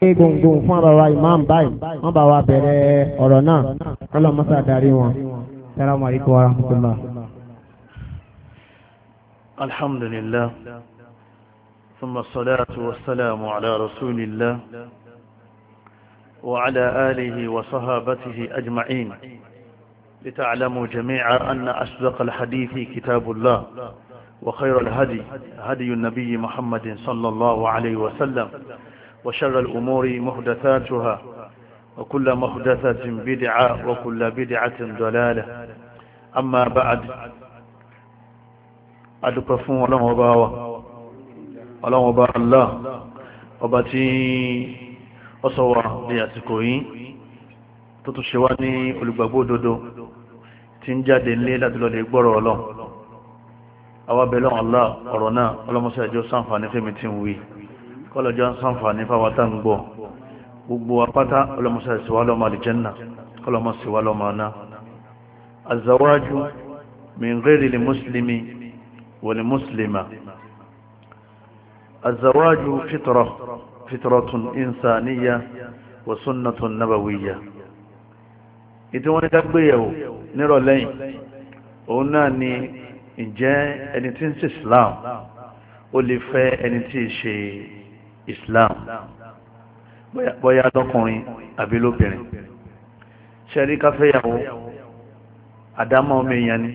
pé gbòǹgbò fún àbáwá imam báyìí wọ́n bá wa bẹ̀rẹ̀ ọ̀rọ̀ náà kọ́lọ̀ mọ́sá darí wọn. Assalamu alaikum wa rahmatullah. alhamdulillah thumma salatu wa salamu ala rasulillah wa ala alihi wa sahabatihi ajma'in لتعلموا جميعا أن أصدق الحديث كتاب الله وخير الهدي هدي النبي محمد صلى الله عليه وسلم وشر الأمور محدثاتها وكل محدثة بدعة وكل بدعة دلالة أما بعد أدقفون ولم وباوة ولم وبا الله وباتي أصوى لأسكوين تتشواني ألقبو دودو تنجاد الليلة للإقبار ولم أوابلون الله أرنا ولم سأجو سانفاني في متنوي kọlọjọ ń sànfàní fáwọn tá ń gbọ́ gbogbo apáta ọlọmọsá ìsìwá lọmọ àlìjẹnà kọlọmọ ìsìwá lọmọ ọ̀nà azawájú min ghairi li muslimi wa li muslima azawájú fitra fitratun insaniya wa sunnatun nabawiyya ìtí wọ́n ní dágbéyàwó nírọ̀lẹ́yìn òun náà ni ǹjẹ́ ẹni tí ń ṣe Islam ó lè fẹ́ ẹni tí ì ṣe islam bóyá lọ́kùnrin àbí lóbìnrin ṣẹ́rí káfẹ́yàwó àdámọ́ ọmọ èèyàn ni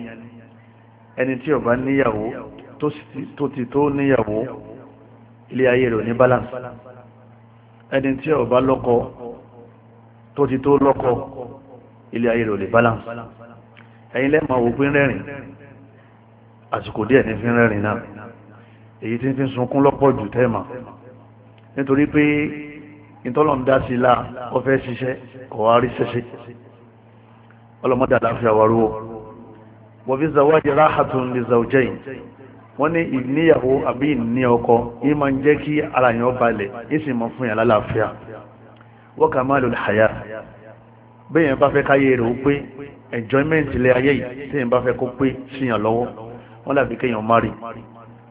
ẹni tí ó bá níyàwó tó ti tó níyàwó ilé ayé rẹ̀ ní balance ẹni tí ó bá lọ́kọ tó ti tó lọ́kọ ilé ayé rẹ̀ ní balance ẹ̀yin lẹ́mọ̀ òpin rẹ̀rìn àsìkò díẹ̀ ní fi rẹ̀rìn náà èyí tí ń fi sunkún lọ́pọ̀ jù tẹ́ẹ̀mà nítorí pé ìtọ́lọ̀ ń dá sí la ọfẹ́ ṣiṣẹ́ ọ̀hárí ṣẹṣẹ́ ọlọ́mọdé àdáfíà wàrúwọ̀ wọ́n fi zawaji ráhàtún lè zawjayn wọ́n ní ìníyàwó àbí ìní ọkọ yìí máa ń jẹ́ kí ara yẹn balẹ̀ yìí sì máa fún yàn lálàáfíà wa kamalul haya bẹ́ẹ̀ yẹn bá fẹ́ káyé rẹ̀ ó enjoyment ilé ayé yìí tí yẹn bá fẹ́ kó pé síyàn lọ́wọ́ wọ́n làbí kéèyàn mari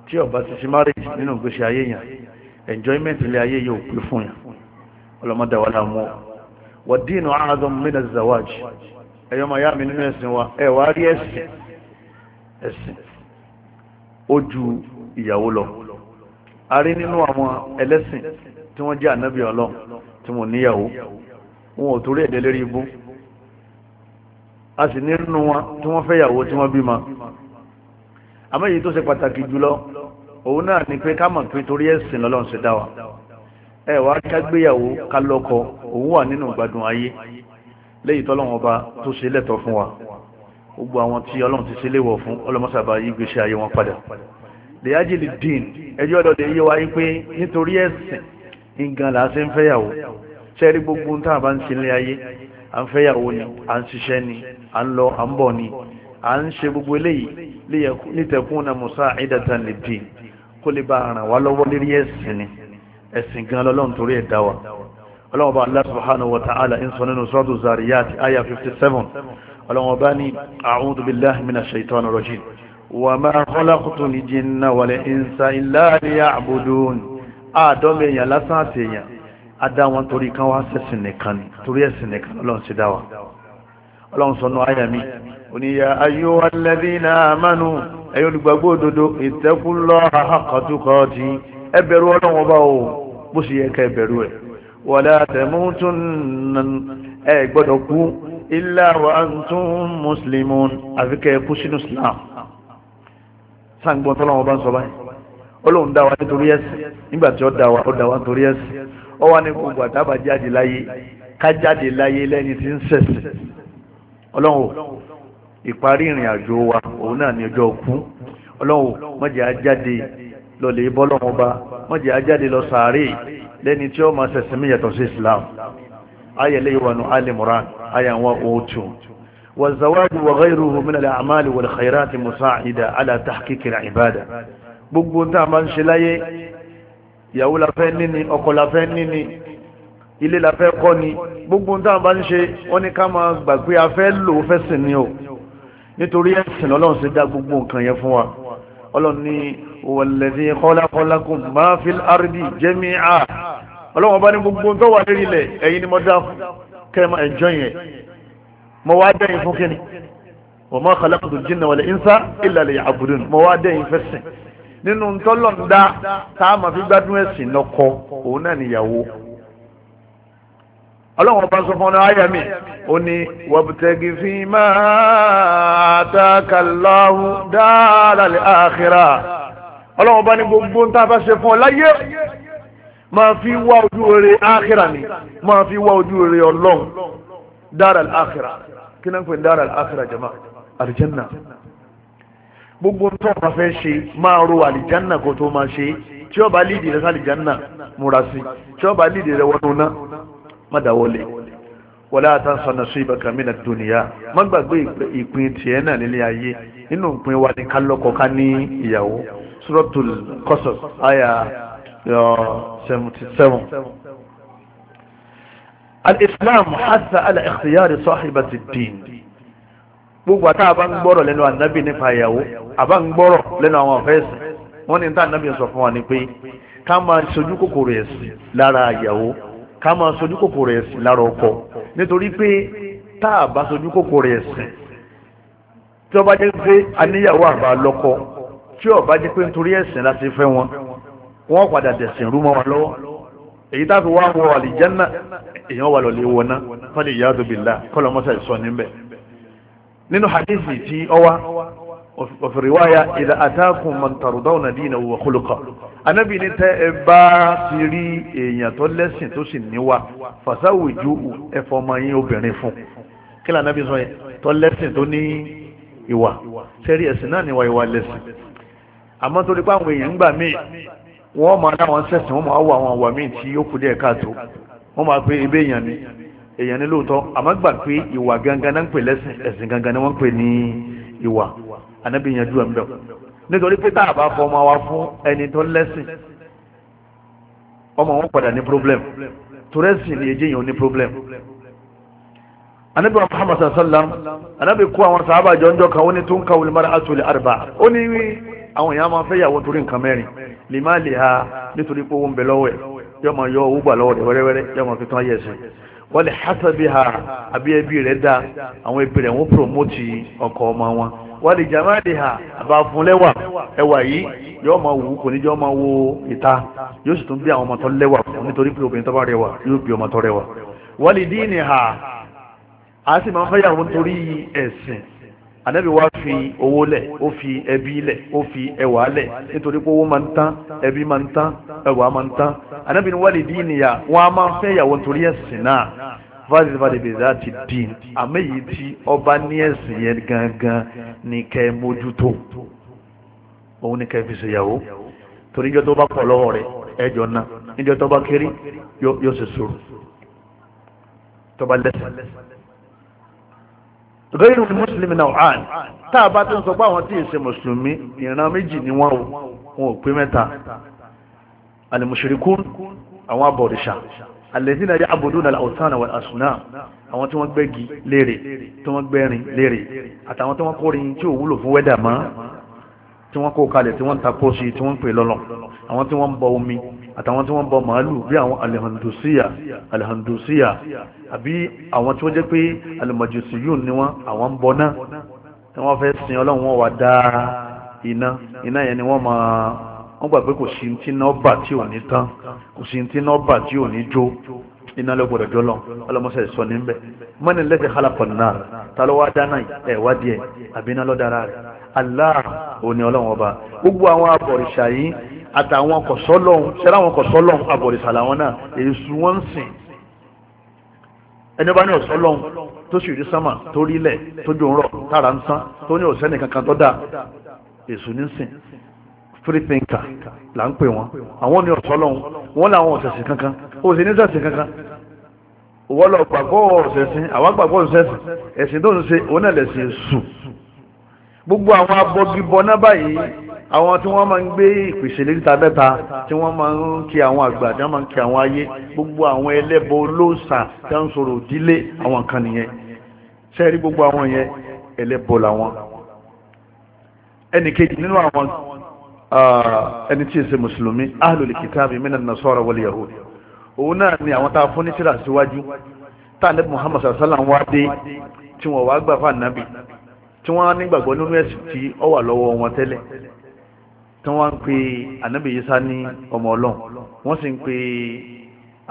tí ó bá ti sí marriage nínú ìgbésí ayé yàn enjoyment ilé ayé yóò pín fún yà ọlọ́mọdé wà láàmú ọ wà dínú àádọ́m mí zawaj ẹ̀yọ́ màá yá mi nínú ẹ̀sìn wa ẹ̀ wá rí ẹ̀sìn ẹ̀sìn ó ju ìyàwó lọ a rí nínú àwọn ẹlẹ́sìn tí wọ́n jẹ́ ànábì ọlọ́ tí wọ́n níyàwó wọn ò torí ẹ̀dẹ́ lérí ibú a sì nínú wọn tí wọ́n fẹ́ yàwó tí wọ́n bímọ àmọ́ èyí tó ṣe pàtàkì jùlọ òun náà ni pé ká mọ̀ pé torí ẹ̀sìn lọ́lọ́run ṣe dá wa ẹ wá kágbéyàwó ká lọ́kọ òun wà nínú gbádùn ayé lẹ́yìn tọ́lọ́run ọba tó ṣe lẹ́tọ̀ọ́ fún wa gbogbo àwọn tí ọlọ́run ti ṣe léwọ̀ fún ọlọ́mọṣàbá yí gbèsè ayé wọn padà lèyájì lè dín ẹjọ́ ọ̀dọ̀dẹ̀ yé wa yí pé nítorí ẹ̀sìn nǹkan là á ṣe ń fẹ́yàwó ṣẹ́rí gbogbo tá a bá ń ṣe ilé ayé à ń fẹ́yàwó ni à ń ṣiṣẹ́ ni à ń lọ à ń bọ̀ ni à ń ṣe gbogbo eléyìí nítẹ̀kùn náà musa ìdàtàn lè dín kó lè bá ràn wá lọ́wọ́ lérí ẹ̀sìn ni ẹ̀sìn gan lọ́lọ́run torí ẹ̀ dá wa ọlọ́run bá Allah subhanahu wa ta'ala ń sọ nínú sọ́dún zariyat aya 57 ọlọ́run bá ní a'udhu billahi minash shaitanir rajim wa ma khalaqtul jinna wal insa illa liya'budun àádọ́mẹ̀ èèyàn lásán àti èèyàn adá wọn torí kan wá sẹ́sìn nìkan torí ẹ̀sìn nìkan ọlọ́run sì dá wa ọlọ́run sọ nù àyà mi oníyà ayé wa lẹ́bí náà mánu ẹ̀yọ́ olùgbàgbọ́ òdodo ìtẹ́kùlọ́ àkàtúkọ̀ọ́tì ẹ bẹ̀rù ọlọ́run ọba o bó sì yẹ ká ẹ bẹ̀rù ẹ̀ wala tamutunna ẹ gbọ́dọ̀ kú illa wa antum muslimun àfi kẹ́ ẹ kú sínú islam sáǹgbọ́n tọ́lọ́wọ́n bá ń sọ báyìí ọlọ́run dá wa nítorí ẹ̀sìn nígbà tí ó dá wa ó dá wa nítorí ẹ̀sìn ó wá ní gbogbo àtàbà láyé ká láyé lẹ́ni tí ń ṣẹ̀sìn ọlọ́run ìparí ìrìn àjò wa òun náà ni ọjọ́ òkú ọlọ́run má jẹ́ a jáde lọ lè bọ́lọ́run ọba má jẹ́ a jáde lọ sàárè lẹ́ni tí ó máa ṣẹ̀sìn mí yàtọ̀ sí islam ayẹlẹ́ ìwànú alimuran ayàwọn òòtù wàzàwájú wàgáìrúhu mínàlẹ̀ àmàlì wal khairati musa'ida ala tahqiqi al-ibada gbogbo tá a máa ń ṣe láyé ìyàwó la níní ọkọ la níní ilé la kọ́ ni gbogbo tá a máa ń ṣe wọ́n ní ká máa gbà pé lò fẹ́ sìn ní o nítorí ẹ̀sìn ọlọ́run ṣe dá gbogbo nǹkan yẹn fún wa ọlọ́run ní wọ̀lẹ́dí kọ́lákọ́lákùn máa fi àrídì jẹ́mí à ọlọ́run ọba ní gbogbo tó wà lérí ilẹ̀ ẹ̀yin ni mo dá fún kẹ́mà ẹ̀jọ́ yẹn mo wá dẹ́yìn fún kíni wọ́n máa kọ́lákùn jìnnà wọlé ìnsá ìlàlẹ̀ àbùdùn mo wá dẹ́yìn fẹ́sìn nínú tọ́lọ̀ ń dá tá fi gbádùn ẹ̀sìn lọ́kọ òun náà níyàwó ọlọ́run bá sọ fún ọ́nà àyà mi ó ní wabtagi fi ma ataka Allahu daral akhirah ọlọ́run bá ní gbogbo ń tàbá ṣe fún ọ láyé máa fi wá ojú rere akhirah ni máa fi wá ojú rere ọlọ́run daral akhirah kí náà ń pè daral akhirah jama àlìjánná gbogbo ń tọ́ka fẹ́ ṣe máa ro àlìjánná kó tó máa ṣe tí ó lídìí rẹ sálìjánná múra sí tí ó lídìí rẹ wọnú náà mọ́dàwọlé wọlé àtàǹsọ̀nà sí ibàkà mí náà dùnìyà má gbàgbé ìpín tiẹ̀ náà nílé ayé nínú ìpín wa ní kálọ́kọ ká ní ìyàwó suratul Qasas àyà seventy seven. al-islam hasa ala ikhtiyari sahibati din gbogbo àtà àbá ń gbọ́rọ̀ lẹ́nu ànábì nípa ìyàwó àbá ń gbọ́rọ̀ lẹ́nu àwọn àfẹ́sìn wọ́n ní ní tá ànábì sọ fún ká máa sojú kòkòrò ẹ̀sìn lára ọkọ nítorí pé tá a bá sojú kòkòrò ẹ̀sìn tí ọba jẹ́ pé aníyàwó àbá lọ́kọ tí ọba jẹ́ pé nítorí ẹ̀sìn láti fẹ́ wọn wọ́n padà dẹ̀sìn rú mọ́ wọn lọ́wọ́ èyí tá a fi wá wọ àlìjánná èèyàn wà lọ́lẹ̀ wọná fọ́lẹ̀ ìyá àdóbìlá kọ́lọ́mọ́sà ìsọ níbẹ̀ nínú hadithi tí ọwa òfìrìwáyà ìdá àtàkùn mọ̀ntàrúdáwọ̀n dínà wọ̀ anabi ní tẹ ẹ bá ti rí èèyàn tó lẹ́sìn tó sì níwà fàṣàwùjú ẹ̀fọ́ ọmọ yín obìnrin fún kí lóò anabi sọ yẹn tó lẹ́sìn tó ní ìwà sẹ́rí ẹ̀sìn náà níwà ìwà lẹ́sìn àmọ́ torí pé àwọn èèyàn ń gbà míì wọ́n máa dá wọn sẹ̀sìn wọ́n máa wọ àwọn àwà míì tí yóò kú káàtó wọ́n máa pé ebe èèyàn ni èèyàn ni lóòótọ́ àmọ́ gbà pé ìwà gangan náà ń pè lẹ́sìn ẹ̀sìn gangan náà wọ́n ń pè ní ìwà anabi yẹn dúró ń bẹ̀rù nítorí pé tá a bá fọmọ wa fún ẹni tó lẹ́sìn ọmọ wọn padà ní problem tùrẹ́sìn ni èjì yìí ò ní problem anabi wa muhammad sallam anabi kó àwọn sàábà jọjọ kan ó ní tún ka wùlímọ́ra àtúlẹ̀ àrùbá ó ní àwọn èèyàn máa fẹ́ yàwó torí nǹkan mẹ́rin lèmá lè ha nítorí pé owó ń bẹ lọ́wọ́ ẹ̀ yọ máa yọ owó gbà lọ́wọ́ rẹ̀ wẹ́rẹ́wẹ́rẹ́ yọ máa fi tán ayé ẹ̀sìn wọ́n lè hásàbí ha àbí ẹbí rẹ̀ dá àwọn ẹbí rẹ̀ wọ́n promote ọkọ ọmọ wọn wọ́n lè jàmáàdì hà àbá fún lẹ́wà ẹwà yìí yóò máa wù kò ní jẹ́ ọmọ wo ìta yóò sì tún bí àwọn ọmọ tó lẹ́wà fún nítorí pé obìnrin tó bá rẹwà yóò bí ọmọ tó rẹwà wọ́n lè dín ní hà á sì máa ń fẹ́yàwó nítorí ẹ̀sìn ànábì wa fi owó lẹ̀ ó fi ẹbí lẹ̀ ó fi ẹwà lẹ̀ nítorí pé owó máa ń tán ẹbí máa ń tán ẹwà máa ń tán ànábì ni wọ́n lè dín níyà wọ́n máa fẹ́ ìyàwó nítorí ẹ̀sìn náà fásitì fàdébèzà ti dín àmẹ́yìí tí ọba ní ẹ̀sìn yẹn gangan ní kẹ́ mójútó òun ní kẹ́ fi ṣèyàwó torí ìjọ tó bá pọ̀ lọ́wọ́ rẹ̀ ẹjọ́ náà níjọ tó bá kéré yóò ṣe sòrò tó bá lẹ́sẹ̀ gẹ́rù ni mùsùlùmí náà àn tá a bá tó ń sọ pé àwọn tí ì ṣe mùsùlùmí ìran méjì ni wọ́n wọn ò pé mẹ́ta àlùmùsùlùmí àwọn abọ̀rìṣà alladhina ya'buduna al-awthana wal-asnam àwọn tí wọ́n gbẹ́gi léèrè tí wọ́n gbẹ́rin léèrè àtàwọn tí wọ́n kórin tí ò wúlò fún wẹ́dà mọ́ tí wọ́n kó kalẹ̀ tí wọ́n ń ta tí wọ́n pè lọ́lọ́ àwọn tí wọ́n bọ omi àtàwọn tí wọ́n bọ màálù bí àwọn alihandusiya alihandusiya àbí àwọn tí wọ́n jẹ́ pé alimajusiyun ni wọ́n àwọn ń bọ náà tí wọ́n fẹ́ sin ọlọ́run wọn wà dáa iná iná yẹn ni wọ́n máa wọ́n gbà pé kò sí ti nọ́bà tí ò ní tán kò sí ti nọ́bà tí ò ní jó iná ló gbọdọ̀ jọ lọ ọlọmọṣẹ́ sọ níbẹ̀ mọ́ni lẹ́sẹ̀ halakọ̀ náà ta dáná ẹ̀ ẹ̀ àbí iná ló rẹ̀ Allah òní ọlọ́run ọba gbogbo àwọn abọ̀rìṣà yìí àtàwọn kọ̀sọ́lọ́hún ṣẹlẹ̀ àwọn kọ̀sọ́lọ́hún abọ̀rìṣà làwọn náà èṣù wọn ń sìn ẹni bá ní ọ̀sọ́lọ́hún tó sì rí sánmà tó rí ilẹ̀ tó ń rọ̀ tára ń sán tó ní ọ̀sẹ́nì kankan tó dáa èṣù ní sìn free thinker là ń pè wọn àwọn ní ọ̀sọ́ lọ́hún wọ́n làwọn ọ̀sẹ̀sìn kankan ó sì ní sẹ̀sìn kankan wọ́n lọ gbàgbọ́ ọ̀sẹ̀sìn àwọn gbàgbọ́ ọ̀sẹ̀sìn ẹ̀sìn tó ń ṣe òun náà lẹ̀sìn sùn gbogbo àwọn abọ́gibọ náà báyìí àwọn tí wọ́n máa ń gbé ìpèsè léríta mẹ́ta tí wọ́n máa ń kí àwọn àgbà tí wọ́n máa ń kí àwọn ayé gbogbo àwọn ẹlẹ́bọ olóòṣà tí wọ́n ń sọ̀rọ̀ òdílé àwọn kan nìyẹn sẹ́ẹ̀rí gbogbo àwọn yẹn ẹlẹ́bọ làwọn ẹnìkejì nínú àwọn Ah, ẹni tí ì ṣe mùsùlùmí ahlul kitabi minan nasara wal yahud òun náà ni àwọn tá a fún ní síra síwájú tá a ní muhammad sallam wá dé tí wọ́n wá gbà fún ànábì tí wọ́n nígbàgbọ́ nínú ẹ̀sìn tí ó wà lọ́wọ́ wọn tẹ́lẹ̀ tí wọ́n ń pe ànábì Ìsá ní ọmọ ọlọ́run wọ́n sì ń pe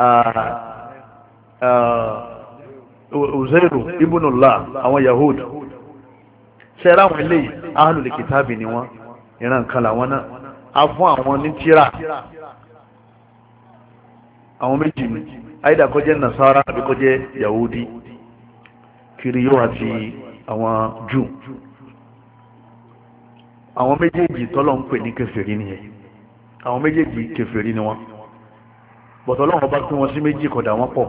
ah, ah, uzairu ibnullah àwọn yahud ṣẹ́ra àwọn eléyìí ahlul ni wọ́n ìran kan làwọn náà a fún àwọn ní tíra àwọn méjì ni àyídà nasara àbí kó jẹ́ yahudi kiri yóò àti àwọn jù àwọn méjèèjì tọ́lọ̀ ni pè ní kèfèrí nìyẹn àwọn méjèèjì kèfèrí ni wọ́n bọ̀tọ̀ ọlọ́run bá pín wọn sí méjì kódà wọ́n pọ̀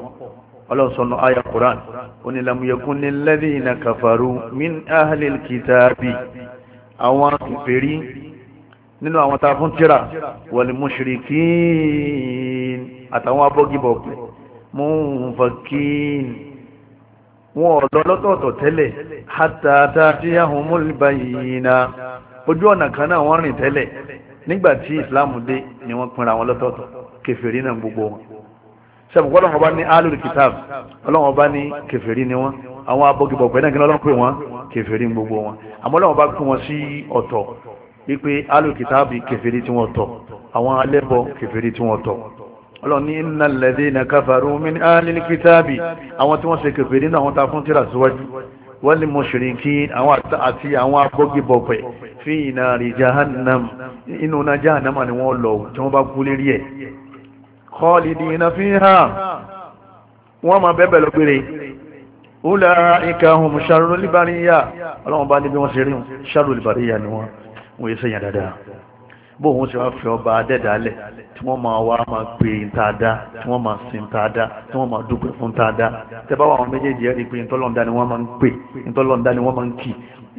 ọlọ́run sọnù aya quran oní lam yakun lil ladhina kafaru min ahlil kitabi àwọn kèfèrí nínú àwọn tá a fún tíra wal mushrikin àtàwọn abọ́gibọ̀ pẹ̀ munfakin wọn ọ̀dọ́ lọ́tọ̀ọ̀tọ̀ tẹ́lẹ̀ hatta ta'tiyahumul bayyina ojú ọ̀nà kan náà wọ́n rìn tẹ́lẹ̀ nígbà tí ìsìláàmù dé ni wọ́n pinra wọn lọ́tọ̀ọ̀tọ̀ kèfèrí náà gbogbo wọn sẹ́mu kọ́ ọlọ́run ọba ní alul kitab ọlọ́run ọba ní kèfèrí ni wọ́n àwọn abọ́gibọ̀ pẹ̀ náà kí ọlọ́run pè wọ́n kèfèrí gbogbo wọn àmọ́ ọlọ́run ọba pè wọ́n sí ọ̀tọ̀ wípé alùkìtàbí kèfèrí tí wọ́n tọ̀ àwọn alẹ́bọ̀ kèfèrí tí wọ́n tọ̀ ọlọ́ni iná lẹ́dí na káfàrú min alìkìtàbí àwọn tí wọ́n ṣe kèfèrí náà wọ́n ta fún tíra síwájú wọ́n ni mọ̀ṣìrìkí àti àwọn abọ́gibọ̀pẹ̀ fi ìnàrí jahannam inú na jahannam ni wọ́n lọ wọ́n yẹ sẹ́yìn dáadáa bó òun ṣe wá fẹ́ ọba adẹ́dàálẹ̀ tí wọ́n máa wá máa pè ń tí wọ́n máa sin ta dá tí wọ́n máa dúpẹ́ fún ta dá tẹ bá wà wọn méjèèjì ẹ̀rí pé ntọ́lọ́ndá ni wọ́n máa ń pè ntọ́lọ́ndá ni wọ́n máa ń kì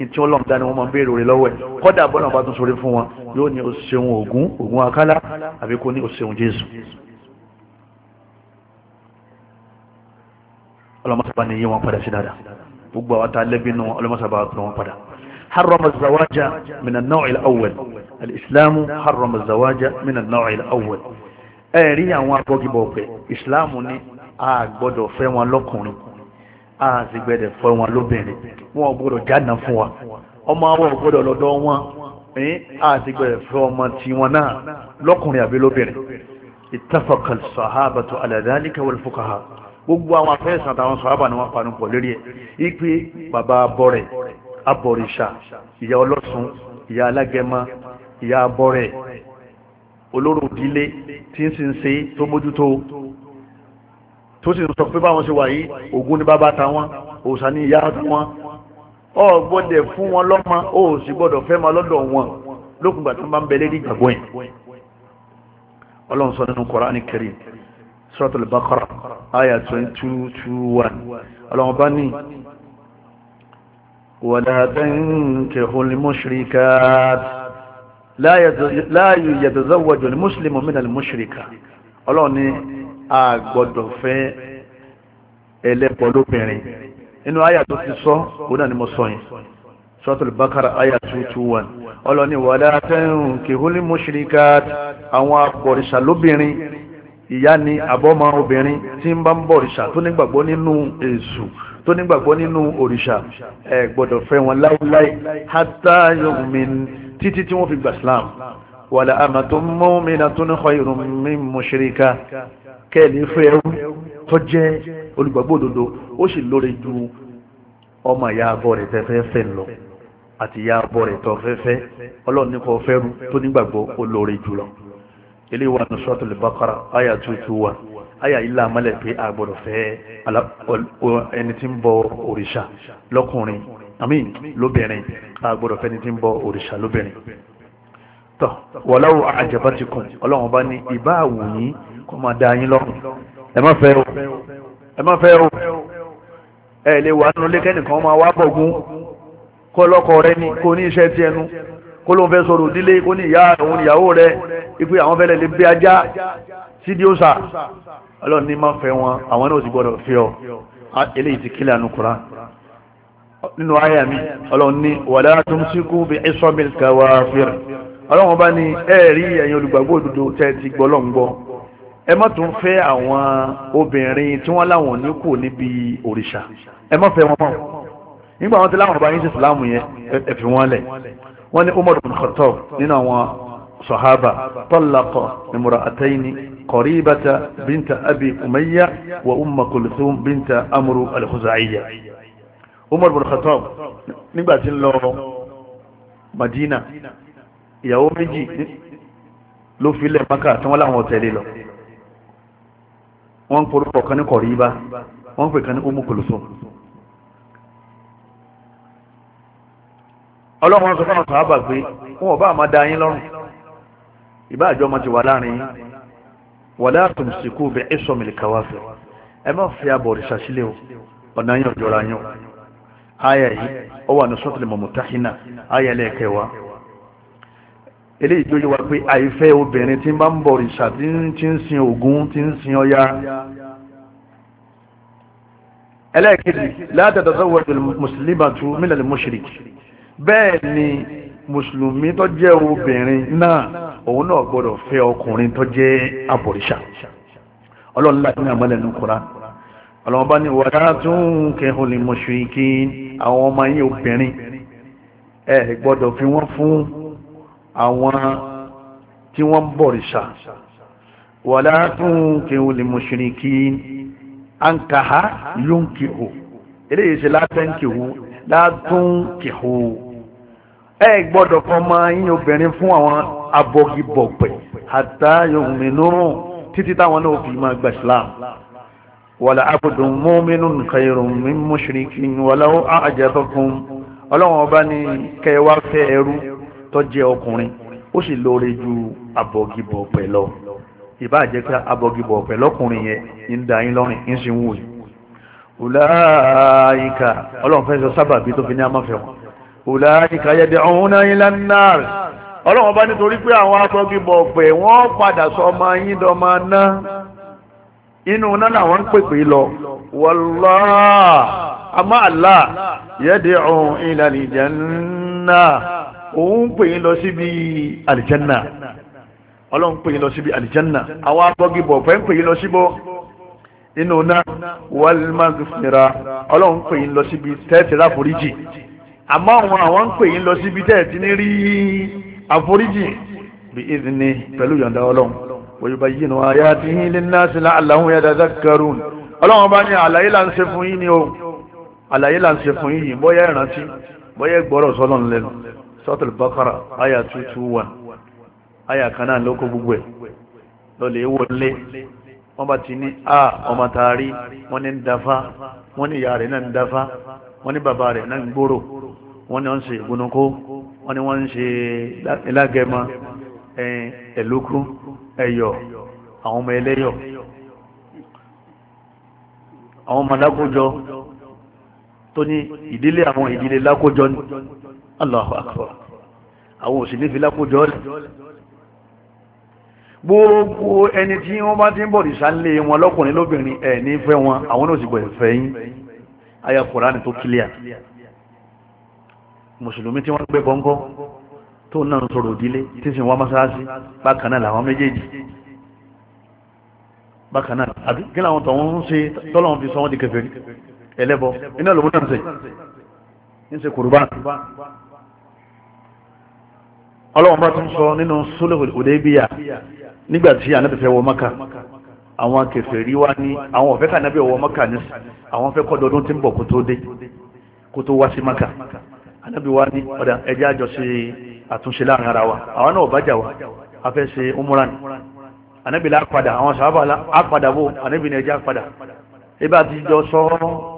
ntí ni wọ́n máa ń béèrè rẹ̀ lọ́wọ́ ẹ̀ kọ́dà bọ́nà bá tún sọrí fún wọn yóò ní òṣèun ògún ògún akálá àbí kó ní òṣèun jésù ọlọ́mọsàbá ni yé wọn padà sí dáadáa gbogbo àwọn tá a lẹ́bí nù ọlọ́mọsàbá pè wọn padà حرم الزواج من النوع الأول الإسلام حرم الزواج من النوع الأول ẹ̀rí àwọn agbọ́gibọ̀pẹ̀ ìsìláàmù ní a gbọ́dọ̀ fẹ́ wọn lọ́kùnrin a sì gbẹ́dẹ̀ fẹ́ wọn lóbìnrin wọn gbọ́dọ̀ jáná fún wa ọmọ àwọn gbọ́dọ̀ lọ́dọ̀ wọn a sì gbẹ́dẹ̀ fẹ́ ọmọ tí wọn náà lọ́kùnrin àbí lóbìnrin ittafaqal sahabatu ala dhalika wal fuqaha gbogbo àwọn afẹ́sàn àtàwọn sàhábà ni wọ́n panu pọ̀ lórí ẹ̀ ipe bàbá bọ́rẹ̀ abọ̀rìṣà ìyá ọlọ́sùn ìyá alágẹmọ ìyá abọ́rẹ̀ olóró ìdílé tí ń sin ṣe tó mójútó tó sì ń sọ pé báwọn ṣe wà yìí Ògún ni bàbá táwọn òòṣà ni ìyá táwọn ọ gbọ́dọ̀ fún wọn lọ́mọ ó sì gbọ́dọ̀ fẹ́ máa lọ́dọ̀ wọn lókùngbà tó ń bá ń bẹ lérí ìgbàgbọ́ yẹn ọlọ́run sọ nínú Kùránì Karim Suratul Baqara àyà 2221 ọlọ́run bá ní ولا تنكحوا المشركات لا يتزوج المسلم من المشركة ọlọ́run ni a gbọ́dọ̀ fẹ́ ẹlẹ́pọ̀ lóbìnrin inú àyà tó ti sọ òun náà ni mo sọ yìí suratul Baqara àyà 221 ọlọ́run ni wala tankihul mushrikat àwọn abọ̀rìṣà lóbìnrin ìyá ni àbọ́mọ obìnrin tí ń bá ń bọ̀rìṣà tó nígbàgbọ́ nínú èṣù tó nígbàgbọ́ nínú òrìṣà ẹ gbọ́dọ̀ fẹ́ wọn láíláí hatta yu'min títí tí wọ́n fi gbà islam wala amatun mu'minatun khayrun min mushrika kẹ́ẹ̀lì fẹ́ ẹrú tó jẹ́ olùgbàgbọ́ òdodo ó sì lóore ju ọmọ ìyá abọ́ rẹ̀ tẹ́fẹ́ fẹ́ lọ àti ìyá abọ́ rẹ̀ tọ́ fẹ́fẹ́ ọlọ́run nípa ọ̀fẹ́rú tó nígbàgbọ́ ó lóore jùlọ eléyìí wà ní suratul Baqara àyà 221 àyà ilé amálẹ̀ pé a gbọ́dọ̀ fẹ́ ẹni tí ń bọ òrìṣà lọ́kùnrin àmín lóbìnrin a gbọ́dọ̀ fẹ́ ẹni tí ń bọ òrìṣà lóbìnrin tọ́ wọ́láwù àjẹbátikùn ọlọ́run bá ní ìbá àwòyí kọ́ máa da yín lọ́rùn ẹ má fẹ́ o ẹ má fẹ́ o ẹ lè wà nínú ilé kẹ́nìkan máa wá bọ̀gún kọ́ lọ́kọ rẹ ní kó ní iṣẹ́ ti ẹnu kó ló ń fẹ́ sọ̀rọ̀ òdílé kó ní ìyá òun ìyàwó rẹ ipe àwọn fẹ́lẹ̀ lè bí ajá sídìí ọlọ́run ní má fẹ́ wọn àwọn náà sì gbọ́dọ̀ fẹ́ ọ eléyìí ti kílẹ̀ ànú kura nínú àyà mi ọlọ́run ní wàlá tumsiku bi isomil kawafir ọlọ́run bá ní ẹ̀ẹ́rí ẹ̀yin olùgbàgbọ́ òdodo tẹ́ ti gbọ́ lọ́n gbọ́ ẹ má tún fẹ́ àwọn obìnrin tí wọ́n láwọn ní kù níbi òrìṣà ẹ má fẹ́ wọn mọ́ nígbà wọn ti láwọn ọba yín sí ìsìlámù yẹn ẹ fi wọn lẹ̀ wọ́n ní Umar bin Khattab nínú àwọn sọ̀hábà tọ́lákọ̀ imra'atayni kọ̀ríbata bínta abi umayya wa umma kulthum bínta amru al-khuzaiya umar bin khattab nígbà tí ń lọ madina ìyàwó méjì ló filẹ̀ maka tí wọ́n láwọn tẹ̀lé lọ wọ́n ń porúkọ kan ní kọ̀ríbá wọ́n ń pè kan ní umu kulthum ọlọ́run sọ fún àwọn sàábà pé wọn ò bá máa da yín lọ́rùn ìbá àjọ ọmọ ti wà láàrin wala tumsiku bi ismil kawafir ẹ má fi abọ̀rìṣà sílẹ̀ o ọ̀nà yẹn òjọra yẹn o aya yìí ó wà ní suratul mumtahina aya ẹlẹ́ẹ̀kẹwàá eléyìí tó yẹ wá pé àìfẹ́ obìnrin tí ń bá ń bọ̀rìṣà tí ń sin Ògún tí ń sin Ọya ẹlẹ́ẹ̀kejì la tatazawwaju al-muslimatu min al-mushrik bẹ́ẹ̀ ni mùsùlùmí tó jẹ́ obìnrin náà òun náà gbọ́dọ̀ fẹ́ ọkùnrin tó jẹ́ abọ̀rìṣà ọlọ́run láti ní àmọ́lẹ̀ ní kura ọlọ́run bá ní wàdá tún kẹhùn lè mọ̀ṣúìkì àwọn ọmọ yìí obìnrin ẹ gbọ́dọ̀ fi wọ́n fún àwọn tí wọ́n ń bọ̀rìṣà wàdá tún kẹhùn lè mọ̀ṣúìkì àǹkàhá yóò kìhù eléyìí ṣe látẹ́ǹkìhù látún kìhù ẹ gbọ́dọ̀ kan máa yín obìnrin fún àwọn abọgibọ̀pẹ̀ àtàyọ̀mìnúrùn títí táwọn náà fi máa gba Islam wàlà abdun mu'minun khayrun min mushrikin walau a'jabakum ọlọ́wọ́n ọba ní kẹwàá fẹ́ ẹrú tó jẹ́ ọkùnrin ó sì lóore ju abọgibọ̀pẹ̀ lọ ìbá jẹ́ pé abọgibọ̀pẹ̀ lọ́kùnrin yẹn ń da yín lọ́rìn ń sì ń wò yìí. ọ̀làyíkà ọlọ́run fẹ́ sọ sábàbí tó fi ní amáfẹ́ wọn ulaika yad'una ila an-nar ọlọ́run bá nítorí pé àwọn atọ́gibọ̀ pé wọ́n padà sọ ọmọ yín dọ́mọ ná inú náà làwọn ń pèpè lọ wallahi òun pè yín lọ síbi àlìjánà ọlọ́run pè yín lọ síbi àlìjánà àwọn atọ́gibọ̀ pé ń pè yín lọ síbọ̀ inú náà wal maghfira ọlọ́run pè lọ síbi àmọ́ àwọn àwọn ń pè yín lọ síbi tẹ́ ẹ̀ ti ní rí àforíjì bí ìdíni pẹ̀lú yọ̀ǹda ọlọ́run òyìnbó yìí nù ayé àti yín lè ná sí aláhùn yàtọ̀ zakarun ọlọ́run bá ní àlàyé là ń ṣe fún yín ni o àlàyé là ń ṣe fún yín bóyá ìrántí bóyá ìgbọ́rọ̀ sọ́lọ́n lẹ́nu sọ́tò bàkàrà àyà tútù wà àyà kan náà lóko gbogbo ẹ̀ lọ́lẹ̀ wọlé wọ́n bá ti ní a ah, ọmọ tààrí wọ́n ní ń dafa wọ́n ní ìyá rẹ̀ náà ń dafa wọ́n ní bàbá rẹ̀ náà gbòòrò wọ́n ní wọ́n ń ṣe ìgbónúkó wọ́n ní wọ́n ń ṣe ìlágẹmọ ẹ̀lúkú ẹ̀yọ̀ àwọn ọmọ ẹlẹ́yọ̀ àwọn ọmọ lákójọ tó ní ìdílé àwọn ìdílé lákójọ ní Allahu Akbar àwọn òsì nífi lákójọ rẹ̀ gbogbo ẹni tí wọ́n bá ti ń bọ̀rìṣà lé wọn lọ́kùnrin lóbìnrin ẹ̀ ní fẹ́ wọn àwọn náà sì gbọ̀ẹ̀fẹ́ yín àyà kùránì tó kílíà mùsùlùmí tí wọ́n gbé bọ́ńgọ́ tó náà ń sọ̀rọ̀ òdílé tí sì wọ́n mọ́sáàsì bákan náà làwọn méjèèjì bákan náà àbí kí làwọn tó ń ṣe tọ́lọ́wọ́n fi sọ wọ́n di kèfèrí ẹlẹ́bọ iná lòun náà ń ṣe ń ṣe kùrùbán ọlọ́wọ́n bá tún sọ nínú sólò Hudaybiya nígbà tí ànábì fẹ́ wọ Mákà àwọn kèfèrí wá ní àwọn ọ̀fẹ́ kànábì ọwọ́ mọ́kà ní àwọn fẹ́ kọ́dọọdún tí ń bọ̀ kó tó dé kó tó wá sí mọ́kà anábì wá ní ọ̀dà ẹjẹ́ àjọ ṣe àtúnṣe láàrin ara wa àwọn náà bá jà wá a fẹ́ ṣe umran anábì lá padà àwọn sàábà á padà bó anábì ní ẹjẹ́ á padà ibà ti jọ sọ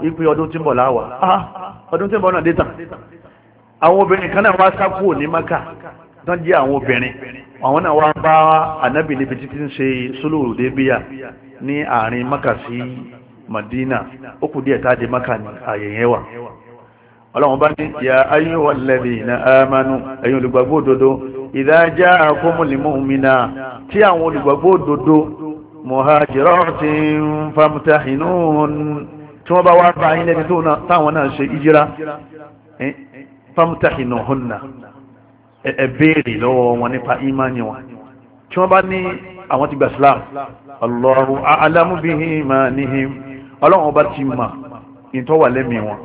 wípé ọdún tí ń bọ̀ láwà ah, ọdún tí ń bọ̀ náà dé tàn àwọn obìnrin kan náà wá sá kúrò ní mọ́kà tán jẹ́ àwọn obìnrin àwọn náà wá ń bá ànábì níbi títí ń ṣe sólòrò débíyà ní àárín maka sí madina ó kù díẹ̀ táàdé maka ní ààyè yẹn wà ọlọ́run bá ní ya ayyuhal ladhina amanu ẹ̀yin olùgbàgbọ́ òdodo idha ja'akumul mu'minat tí àwọn olùgbàgbọ́ òdodo muhajiratin famtahinun tí wọ́n bá wá bá yín lẹ́ni táwọn náà ṣe ìjírá eh, famtahinuhunna ẹ béèrè lọ́wọ́ wọn nípa ìmánì wọn tí wọ́n bá ní àwọn ti gbà Islam Allahu a'lamu bi imanihim ọlọ́run ọba ti mà ìtọ́wà lẹ́mìí wọn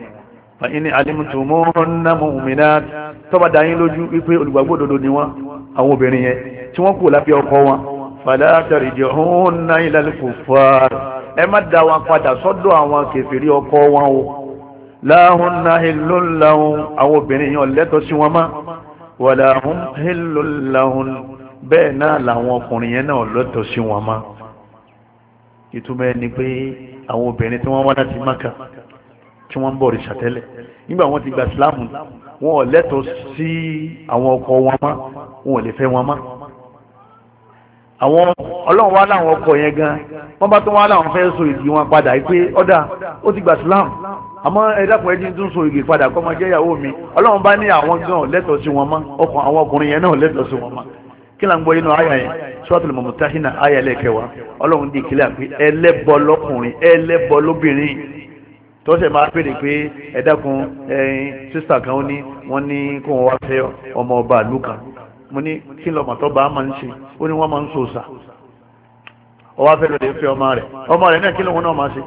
fa in alimtumunna mu'minat tọ́ba dá yín lójú wípé olùgbàgbọ́ òdodo ni wọ́n àwọn obìnrin yẹn tí wọ́n kú lábẹ́ ọkọ wọn fala tarji'unna ila al-kuffar ẹ má dá wọn padà sọ́dọ̀ àwọn kèfèrí ọkọ o la hunna hillun lahum àwọn obìnrin yẹn ò lẹ́tọ̀ọ́ sí wọn wàlà hum hélò làwọn bẹ́ẹ̀ náà làwọn ọkùnrin yẹn náà lọ́tọ̀ sí wọn má ìtumọ̀ ẹni pé àwọn obìnrin tí wọ́n wá láti Mákà tí wọ́n ń bọ̀ rìṣà tẹ́lẹ̀ nígbà wọ́n ti gba Ìsìlámù wọn ò lẹ́tọ̀ọ́ sí àwọn ọkọ wọn má wọn ò lè fẹ́ wọn má àwọn ọlọ́run wá láwọn ọkọ̀ yẹn gan wọ́n bá tún wá láwọn fẹ́ so ìdí wọn padà pé ọ̀dà ó ti gbà Islam àmọ́ ẹ̀dàkùn ẹ̀jẹ̀ tún so ìgè padà kọ́ máa jẹ́ ìyàwó mi ọlọ́run bá ní àwọn gan lẹ́tọ̀ọ́ sí wọn mọ́ ọkọ̀ àwọn ọkùnrin yẹn náà lẹ́tọ̀ọ́ sí wọn mọ́ kí là ń gbọ́ inú àyà yẹn Suratul Mumtahina àyà ẹlẹ́kẹwàá ọlọ́run dì kílẹ̀ pé ẹlẹ́bọ lọkùnrin ẹlẹ́bọ lóbìnrin tó ṣe máa pèrè pé ẹ̀dàkùn ẹ̀yin mo ní kí n lọ́mọ̀ tó bá máa ń ṣe ó ní wọ́n máa ń so òsà ọwọ́ afẹ́ lóde fẹ́ ọmọ rẹ̀ ọmọ rẹ̀ náà kí lóun náà máa ṣe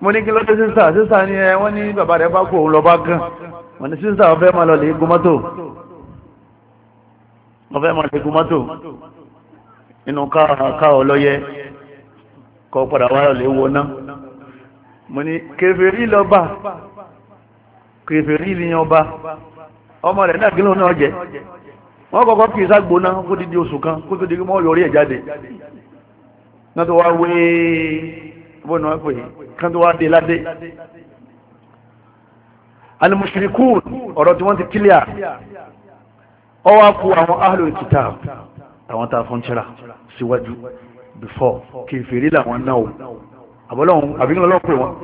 mo ní kí ló sísà sísà ni ẹ wọ́n ní bàbá rẹ̀ bá kú òun lọ bá gàn mo ní sísà ọ̀fẹ́ máa lọ lè gun mọ́tò ọ̀fẹ́ máa lè gun mọ́tò nínú ká ọlọ́yẹ kọ́ padà wá lè wọ ná mo ní kèfèrí lọ́ba kèfèrí ìlíyan ọba ọmọ rẹ̀ náà kí lóun náà jẹ́ wọ́n kọ́kọ́ kì í ságbóná kó dídí oṣù kan kó tó di kí wọ́n yọrí ẹ̀ jáde náà tó wá wé bọ́ọ̀nù wọn pè kán tó wá dé ládé alimusirikun ọ̀rọ̀ tí wọ́n ti kílíà ọ wá kú àwọn ahlul kitab àwọn tá a fọ́n tíra síwájú before kì í fèrè làwọn náà o àbọ̀lọ́hún àbíkínlẹ̀ lọ́wọ́ pè wọ́n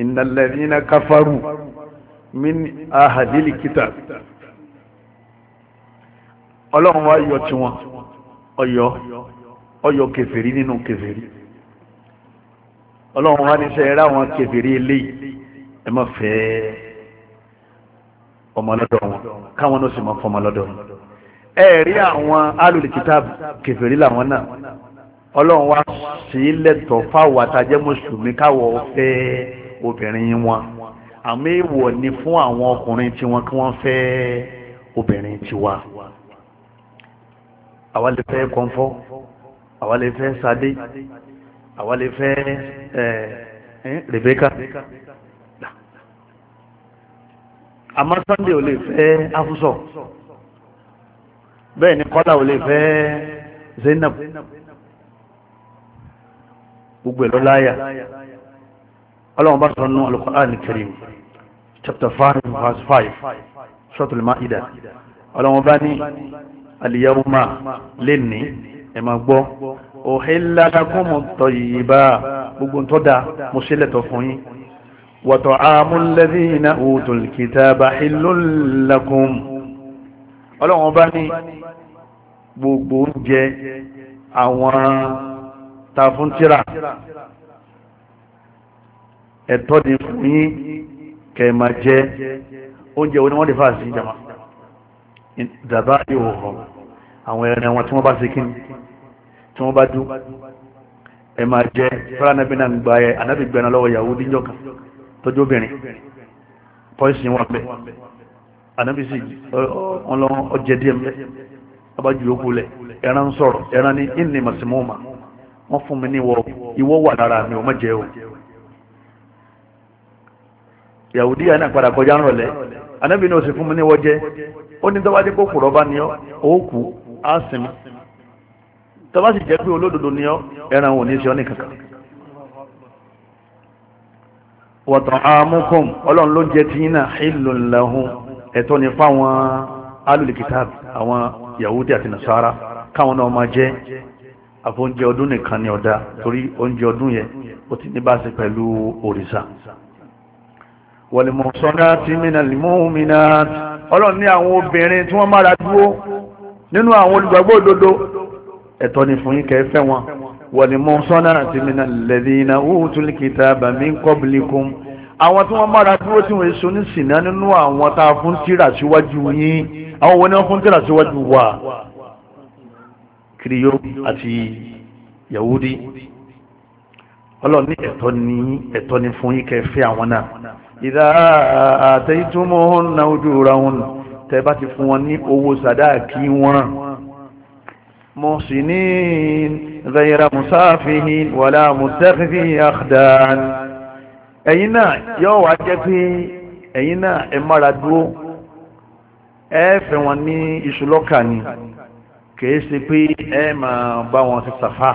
innal ladhina kafaru min ahadili kitab ọlọ́run wá yọ tiwọn ọyọ ọyọ kèfèrí nínú kèfèrí ọlọ́run wá níṣẹ́ ẹ̀rá àwọn kèfèrí eléyìí ẹ má fẹ́ ọmọ lọ́dọ̀ wọn káwọn náà sì máa fọmọ lọ́dọ̀ wọn ẹ rí àwọn alùlùkítàbù kèfèrí làwọn náà ọlọ́run wá sí lẹ́tọ̀ọ́ fáwọn àtàjẹ́ mùsùlùmí káwọ̀ fẹ́ obìnrin wọn àmì ìwọ̀ ni fún àwọn ọkùnrin tiwọn kí wọ́n fẹ́ obìnrin tiwa àwa lè fẹ́ kọ́ńfọ́ àwa lè fẹ́ sadé àwa lè fẹ́ Rebeka àmọ́ Sunday ò lè fẹ́ afúsọ bẹ́ẹ̀ ni kọ́lá ò lè fẹ́ Zainab gbogbo ẹ̀ lọ́láyà ọlọ́run bá sọ nínú Al-Qur'an al chapter five verse five Suratul Ma'idah ọlọ́run bá ní aliyahuma lẹ́ni ẹ máa gbọ́ òhìlá lakumu tọ̀yìbá gbogbo tó dáa mo ṣe lẹ́tọ̀ fún yín wàtọ̀ àmúlẹ́dínà utul kitaba hillul lakum ọlọ́run bá ní gbogbo oúnjẹ àwọn tafúntìrà ẹ̀tọ́ ni fún yín kẹ̀mà jẹ oúnjẹ wo ni wọ́n lè fà sí jama. daba yoo hɔ àwọn ɛrɛ náà wọn tí wọn bá segin tí wọn bá du ɛ máa jɛ fúlàn náà bí náà gba anabi gbɛna lɔwɔ yahoo díjɔ kan tɔjɔ bìnrin pɔyisi wọn anabi si ɔlɔ ɔjɛ díɛ mbɛ ɔba ju yoko lɛ ɛrɛ n sɔrɔ ɛrɛ ni ɛn ni ma wọn fún mi ní alara iwɔ wà o ma jɛ o yahoo díya náà padà kɔjá ń anabi náà o sì fún mi ó ní tọ́wá jẹ́ pé òkùrọ̀ bá ní ọ́ òkú á sinmi tọ́wá sì jẹ́ pé olódodo ní ọ́ ẹran ò ní ṣe ọ́ nìkankan wa ta'amukum ọlọ́run ló jẹ́ tí náà hillun lahum ẹ̀tọ́ ni fáwọn alùlìkítàbì àwọn yahudi àti nasara káwọn náà máa jẹ́ àfóúnjẹ ọdún nìkan ni ọ̀dá torí oúnjẹ ọdún yẹn ó ti ní bá pẹ̀lú òrìṣà wal muhsanati minal mu'minat ọlọ́run àwọn obìnrin tí wọ́n mára dúró nínú àwọn olùgbàgbọ́ òdodo ẹ̀tọ́ ni fún yín kẹfẹ́ wọn wọ́n ni mọ́ sọ́nà àti mìíràn lẹ́dí iná òótún kìtà bàmí kọ́bìlìkùn àwọn tí wọ́n mára dúró tí wọ́n èso ní sìnà nínú àwọn tá a fún tíra síwájú yín àwọn wo ni wọ́n fún tíra síwájú wa kiriyó àti yahudi ọlọ́run ẹ̀tọ́ ni ẹ̀tọ́ ni fún yín kẹfẹ́ àwọn náà ìdá àtẹ́yìntúmọ̀ náà ojú ra wọn tẹ́ bá ti fún wọn ní owó sàdáàkì wọn mọ̀sínín ghayra musáfihin wàlá mùtẹ́fífì àkàdán ẹ̀yin náà yóò wá jẹ́ pé ẹ̀yin náà ẹ mára dúró ẹ wọn ní ìṣúlọ́kà ni kìí pé ẹ máa bá wọn ti sàfà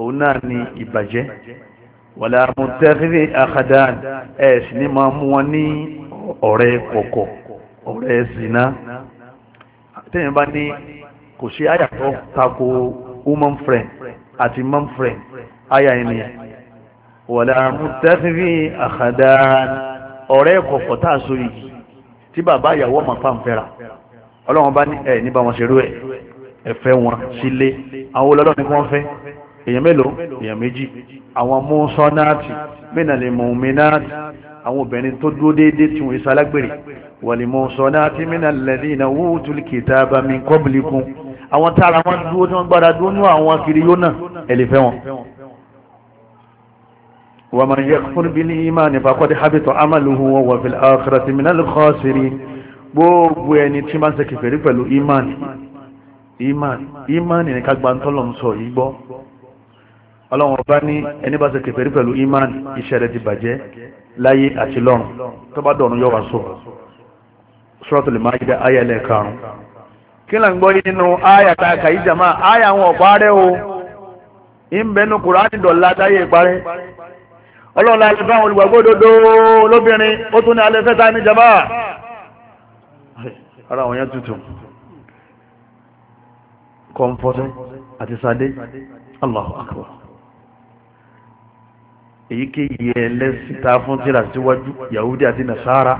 òun náà ni ìbàjẹ́ wàlá mùtẹ́fì àkàdán ẹ̀ẹ́sì ní máa mú wọn ní ọ̀rẹ́ kọ̀kọ̀ ọ̀rẹ́ zina tẹ́yìn bá ní kò sí àyà tó tako woman friend àti man friend àyà ẹni wàlá mùtẹ́fì àkàdán ọ̀rẹ́ kọ̀kọ̀ tá a sọ yìí tí bàbá ìyàwó ọmọ pàǹfẹ́ra ọlọ́run bá ní ẹ̀ níbà wọn ṣerú ẹ̀ ẹ̀fẹ́ wọn sílé àwọn olọ́dọ̀ ni wọ́n fẹ́ èèyàn mélòó èèyàn méjì àwọn mùsọ̀nàtì mínàlè mùmínàtì àwọn obìnrin tó dúró déédéé tí wọ́n ìsalágbèrè wàlè mùsọ̀nàtì mínàlè dínà wútùlù kìtàbà min qablikum àwọn tára wọn dúró tí wọ́n gbára dúró ní àwọn kiri yóò náà ẹ̀lẹ́fẹ́ wọn wa man yakfur bil iman faqad habita amaluhu wa huwa fil akhirati min al khasirin gbogbo ẹni máa ń ṣe kèfèrí pẹ̀lú iman iman iman ní ká gba ń tọ́lọ̀ ń sọ yìí gbọ́ ọlọ́run ọba ní ẹni bá ṣe pẹ̀lú iman iṣẹ́ rẹ̀ ti bàjẹ́ láyé àti lọ́run tó bá dọ̀run yọ wá sọ Suratul Maida ayé ẹlẹ́ karùn-ún kí là ń gbọ́ nínú ayé àtàkà jàmá àwọn o ìbẹ́nu Kùránì dọ̀la ìparẹ́ ọlọ́run la lè àwọn olùgbàgbọ́ òdodo lóbìnrin ó tún ní alẹ́ fẹ́ ta ní èyíkéyìí ẹlẹ́sìn tá a fún tíra síwájú yahudi àti nasara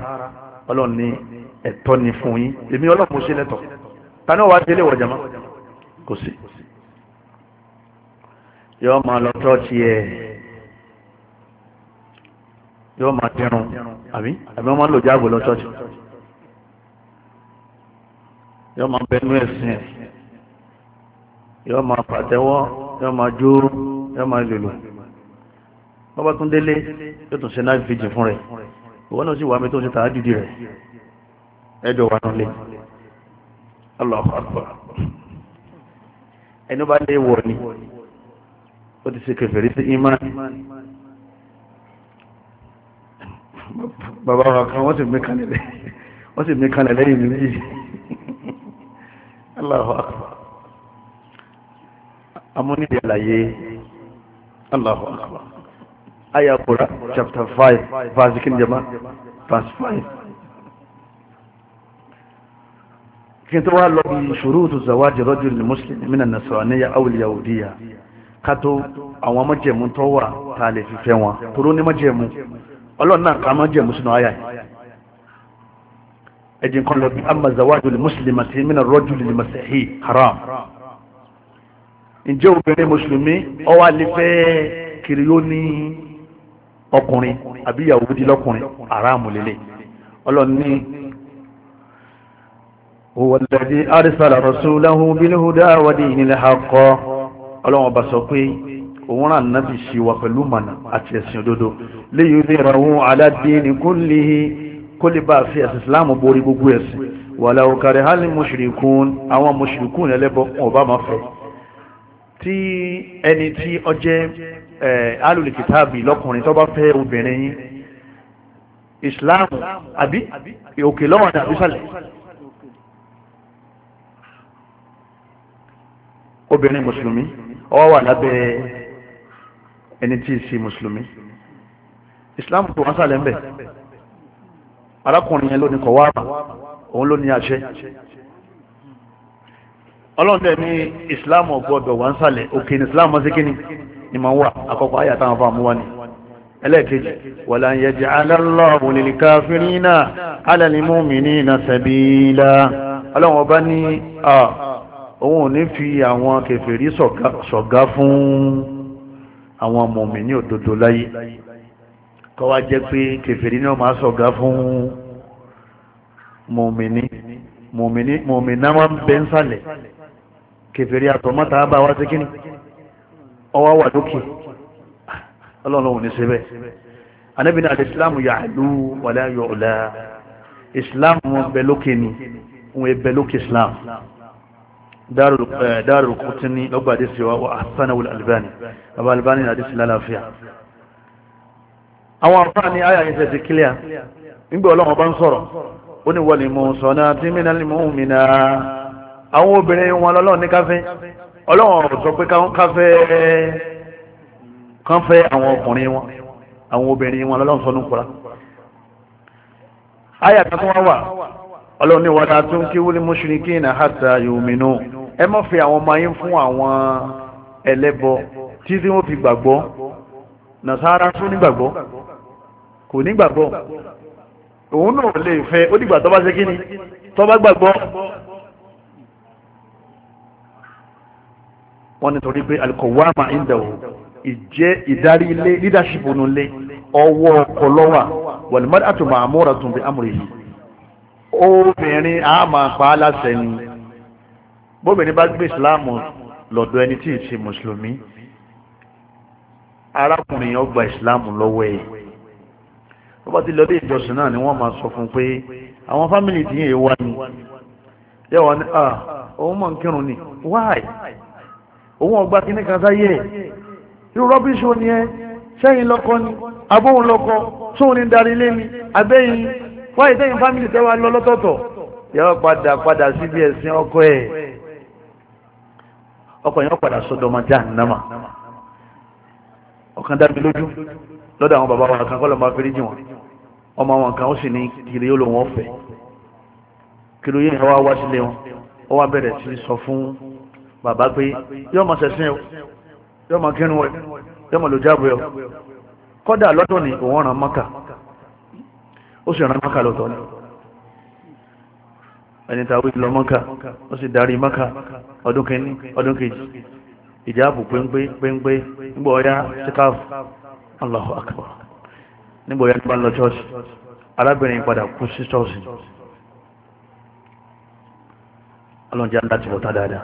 ọlọ́run ní ẹ̀tọ́ ni fún yín èmi ọlọ́run mo ṣe lẹ́tọ̀ tani wàá délé wọ̀ jama kò sí yóò máa lọ tọ́ọ̀tì ẹ̀ yóò máa dẹrun àbí àbí wọ́n máa lò jáàbò lọ tọ́ọ̀tì yóò máa bẹnu ẹ̀sìn ẹ̀ yóò máa pàtẹ́wọ́ yóò máa jó yóò máa lòlò bọ́bá tún délé yóò tún ṣe náà fìjì fún rẹ̀ ìwọ náà sì wà mí tó ṣe tàá dìdì rẹ̀ ẹjọ́ wà nílé Allahu ẹni bá lé wọ̀ ni ó ti ṣe kèfèrí sí imán bàbá wa kan wọ́n sì mí kan lẹ́lẹ́ wọ́n sì mí kan lẹ́lẹ́ yìí méjì Allahu Allahu Akbar aya kura chapter 5 verse kin jama verse 5 kin tó wá lọ bí shurutu zawaji rajul muslim min an-nasraniyya aw al-yahudiyya kato àwọn májẹ̀mú tó wà tá lè fi fẹ́ wọn toro ni májẹ̀mú Ọlọ́run náà ka májẹ̀mú sínú aya yìí ejin kon lo bi amma zawaju lil muslimati min ar-rajul lil masihi haram ǹjẹ́ obìnrin mùsùlùmí ó wá lè fẹ́ kiriyoni ọkùnrin àbí Yahudi lọ́kùnrin aráàmù lélẹ̀ ọlọ́ni huwa alladhi arsala rasulahu bilhuda wa dinil haqq ọlọ́wọ́n bá sọ pé òun rán nábì sí wa pẹ̀lú mọ̀nà àti ẹ̀sìn òdodo léyìí lè ra òun ala dini kullihi kó lè bá fi ẹ̀sìn Islam borí gbogbo ẹ̀sìn walau kariha al mushrikun àwọn mushrikun ẹlẹ́bọ̀ wọn ò bá máa fẹ́ tí ẹni tí ọjẹ́ alùlìkìtàbì lọ́kùnrin tó bá fẹ́ obìnrin yín islam àbí òkè lọ́wọ́ ní àbísàlẹ̀ obìnrin mùsùlùmí ọwọ́ wà lábẹ́ ẹni tí í sí mùsùlùmí islam tó wọ́n sàlẹ̀ ń bẹ̀ arákùnrin yẹn ló ní kọ̀wáàbà òun ló ní àṣẹ ọlọ́run dẹ̀ ní islam ò gbọ́dọ̀ sàlẹ̀ òkè ní islam mọ́ ìmọ̀ wà àkọ́kọ́ ayà táwọn fà mú wá ní ẹlẹ́ẹ̀kejì wàlá ń yẹjẹ aláàlọ́ọ̀bù lè káfírínà alẹ́lẹ́mọ́mìnínà sẹ̀bílá ọlọ́run ọba ní òun ò ní fi àwọn kèfèrí ṣọ̀gá fún àwọn mọ̀mìnì òdodo láyé kọ́ wá jẹ́ pé kèfèrí náà máa ṣọ̀gá fún mọ̀mìnì mọ̀mìnì mọ̀mìnà wọn bẹ́ ń sàlẹ̀ kèfèrí àtọ̀mọ́ta bá wá sí kíni ọwọ́ wà lókè ọlọ́run ní síbẹ̀ anábìnrin àti islamu yà lú wàlẹ́ ayọ̀ ọ̀la islamu wọn bẹ lókè ni wọn bẹ lókè islam dáàrù kùtì ní lọ́gbà àdísì wa àfẹ́nà wùl albani bàbá albani ní àdísì lálàáfíà àwọn àfáà ní àyà yìí tẹ̀sí kílíà nígbà ọlọ́run bá ń sọ̀rọ̀ ó ní wọlé mọ̀ sọ̀nà tí mìíràn lè mọ̀ òmìnira àwọn obìnrin wọn lọ́lọ́ ní káfíń ọlọ́wọ́n sọ pé kán fẹ́ àwọn ọkùnrin wọn àwọn obìnrin wọn lọ́lọ́run sọ nùkúra ayà kan tó wá wà ọlọ́run ní wàdà tó ń kí wúlé mọ́ṣúríkì náà hàtà yòmínú ẹ má fi àwọn ọmọ ayé fún àwọn ẹlẹ́bọ tí tí wọ́n fi gbàgbọ́ nàṣàrà tún nígbàgbọ́ kò nígbàgbọ́ òun náà lè fẹ́ ó dìgbà tó bá ṣe kí ni tó bá gbàgbọ́ wọ́n ní torí pé alikọ̀wáàmà ìdàwó ìjẹ́ ìdarí ilé leadership nù lé ọwọ́ ọkọ lọ́wà wàlúmọ́dé àtùmọ̀ àmúra tún bí amúre yìí obìnrin a máa pa á láṣẹ ni bóbìnrin bá gbé ìsìláàmù lọ́dọ̀ ẹni tí ì ṣe mùsùlùmí arákùnrin yẹn ìsìláàmù lọ́wọ́ ẹ̀ wọ́n bá ti lọ dé ìjọsìn náà ni wọ́n máa sọ fún un pé àwọn fámìlì tí yẹn wá ni yẹ́wọ́n ni ah òun mọ̀ ń kírun ni why òun ọgbà kìíní kan sáyé ẹ̀ irú rọ́bìṣì òní ẹ sẹ́yìn lọ́kọ ni abóhùn lọ́kọ sóhun ní darí ilé ni abẹ́yìn wáyé sẹ́yìn fámìlì tẹ́wà lọ lọ́tọ̀ọ̀tọ̀ yọ padà padà síbi ẹ̀sìn ọkọ ẹ̀ ọkọ yẹn padà sọdọmọ jahannama ọkàn dá mi lójú lọ́dọ̀ àwọn bàbá wa kan kọ́ lọ́ọ́ máa fẹ́rí jì wọ́n ọmọ àwọn kan ó sì ní kiri yóò lò wọ́n fẹ́ kiri yóò wá wá sílé wọn ó wá bẹ̀rẹ̀ sí sọ fún bàbá pé yọ́mọ sẹ̀sìn o yọ́mọ kírun ẹ yọ́mọ lójáàbò ẹ kọ́dà lọ́dún ni òun ràn mọ́kà ó sì ràn mọ́kà lọ́tọ̀ ni ẹni tàwí lọ mọ́kà ó sì darí mọ́kà ọdún kìíní ọdún kejì ìjáàbù péńpé péńpé nígbà ọ̀yá síkáàfù Allahu akbar nígbà lọ arábìnrin padà kú sí ọlọ́njẹ́ ńlá ti bọ̀tá dáadáa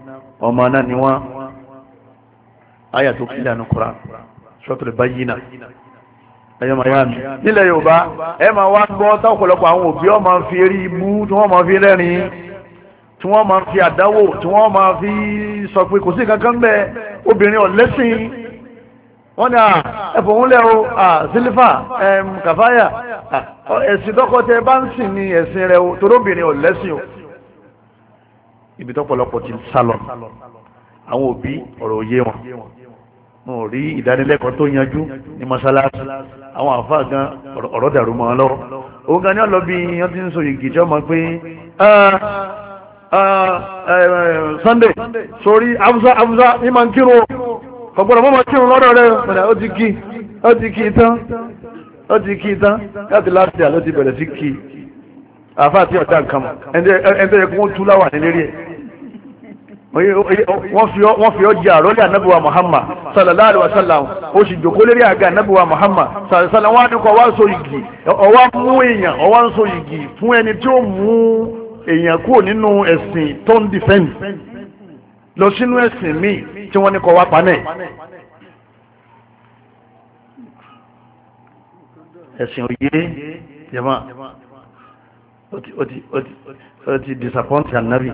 ọmọ náà ni wọ́n ayà tó kílẹ̀ ànú kura sọ́tùlẹ̀ bá yìí náà ẹ̀yọ́ máa yá mi. nílẹ̀ yorùbá ẹ máa wá gbọ́ táwọ̀pọ̀lọpọ̀ àwọn òbí wọn máa fi eré ibú tí wọ́n máa fi rẹ́rìn tí wọ́n máa fi àdánwò tí wọ́n máa fi sọ pé kò sí kankan bẹ́ẹ̀ obìnrin ọ̀lẹ́sìn wọ́n ní ẹ̀fọ́ ńlẹ̀ o sílífà kàfáyà ẹ̀sìn tọkọ bá ń sìn ní ẹ̀sìn rẹ o toróbìnrin ọ̀lẹ́sìn o ibi tọ́pọ̀lọpọ̀ ti sálọ àwọn òbí ọ̀rọ̀ òye wọn wọn ò rí ìdánilẹ́kọ̀ọ́ tó yanjú ní mọ́sálásí àwọn àfáà gan ọ̀rọ̀ dàrú mọ́ lọ́wọ́ òun gan ni ọ̀lọ́ bí wọ́n ti ń so ìgì jọ́ mọ́ pé ah, ah, eh, eh, Sunday sórí abusa abusa ní máa ń kírun ọ̀gbọ̀nà mọ́mọ́ kírun lọ́dọ̀ rẹ̀ pẹ̀lẹ́ ó ti kí ó ti kí tán ó ti kí tán láti láti àlọ́ ti bẹ̀rẹ̀ sí kí àfáà tí ọ̀tá nǹkan mọ̀ ẹni tó yẹ kó wọ́n tú láwà nílérí ẹ̀ wọ́n fi ọjà àròlé anabiwa muhammad sallallahu alayhi wa sallam ó sì jòkó lérí àga anabiwa muhammad sallallahu alayhi wa sallam so igi ọwọ́ mú èèyàn ọwọ́ ń so igi fún ẹni tí ó mú èèyàn kúrò nínú ẹ̀sìn tó ń dìfẹ́ǹd lọ sínú ẹ̀sìn míì tí wọ́n ní kọ́ wá panẹ́ ẹ̀sìn òye jẹ́mọ́ ó ti disappoint anabi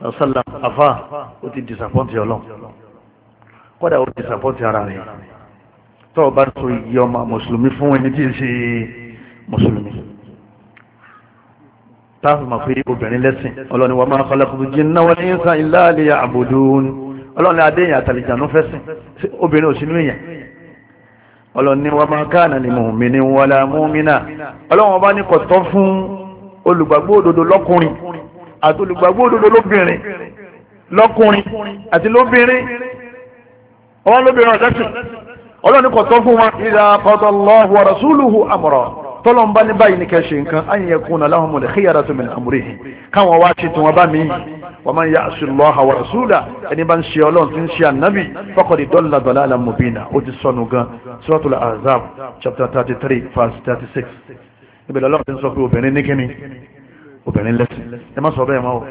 sallam afa ó ti disapọ́ǹtì ọlọ́run kọ́dà ó disapọ́ǹtì ara rẹ̀ tó o bá so iye ọmọ mùsùlùmí fún ẹni tí ń ṣe mùsùlùmí táàfù máa fi obìnrin lẹ́sìn ọlọ́ni wa ma khalaqtul jinna wal insa illa liya'budun ọlọ́ni adéyìn àtàlìjànú fẹ́sìn obìnrin ò sínú èèyàn ọlọ́ni wa ma kana li mu'minin wala mu'mina ọlọ́wọ́n bá ní kọ̀tọ́ fún olùgbàgbọ́ òdodo lọ́kùnrin àtolùgbàgbọ́ òdodo lóbìnrin lọ́kùnrin àti lóbìnrin ọwọ́n lóbìnrin ọ̀dẹ́sìn ọlọ́run kò tọ́ fún wọn ìdá kọ́tọ́ lọ́hùn wa rasuluhu amra tọ́lọ́mbá ní báyìí ní kẹ́ ṣe nǹkan an yakuna lahumul khiyaratu min amrihim káwọn wá ṣe tí wọ́n bá mi wa man ya'si Allaha wa rasulahu ẹni bá ń ṣe ọlọ́run tí ń ṣe ànábì faqad dalla dalalan mubina ó ti sọnù gan suratul ahzab chapter thirty three verse thirty six ibẹ̀ lọ́lọ́run ti ń sọ pé obìnrin ní kíni obìnrin lẹ́sìn ẹ má sọ bẹ́ẹ̀ máa wọ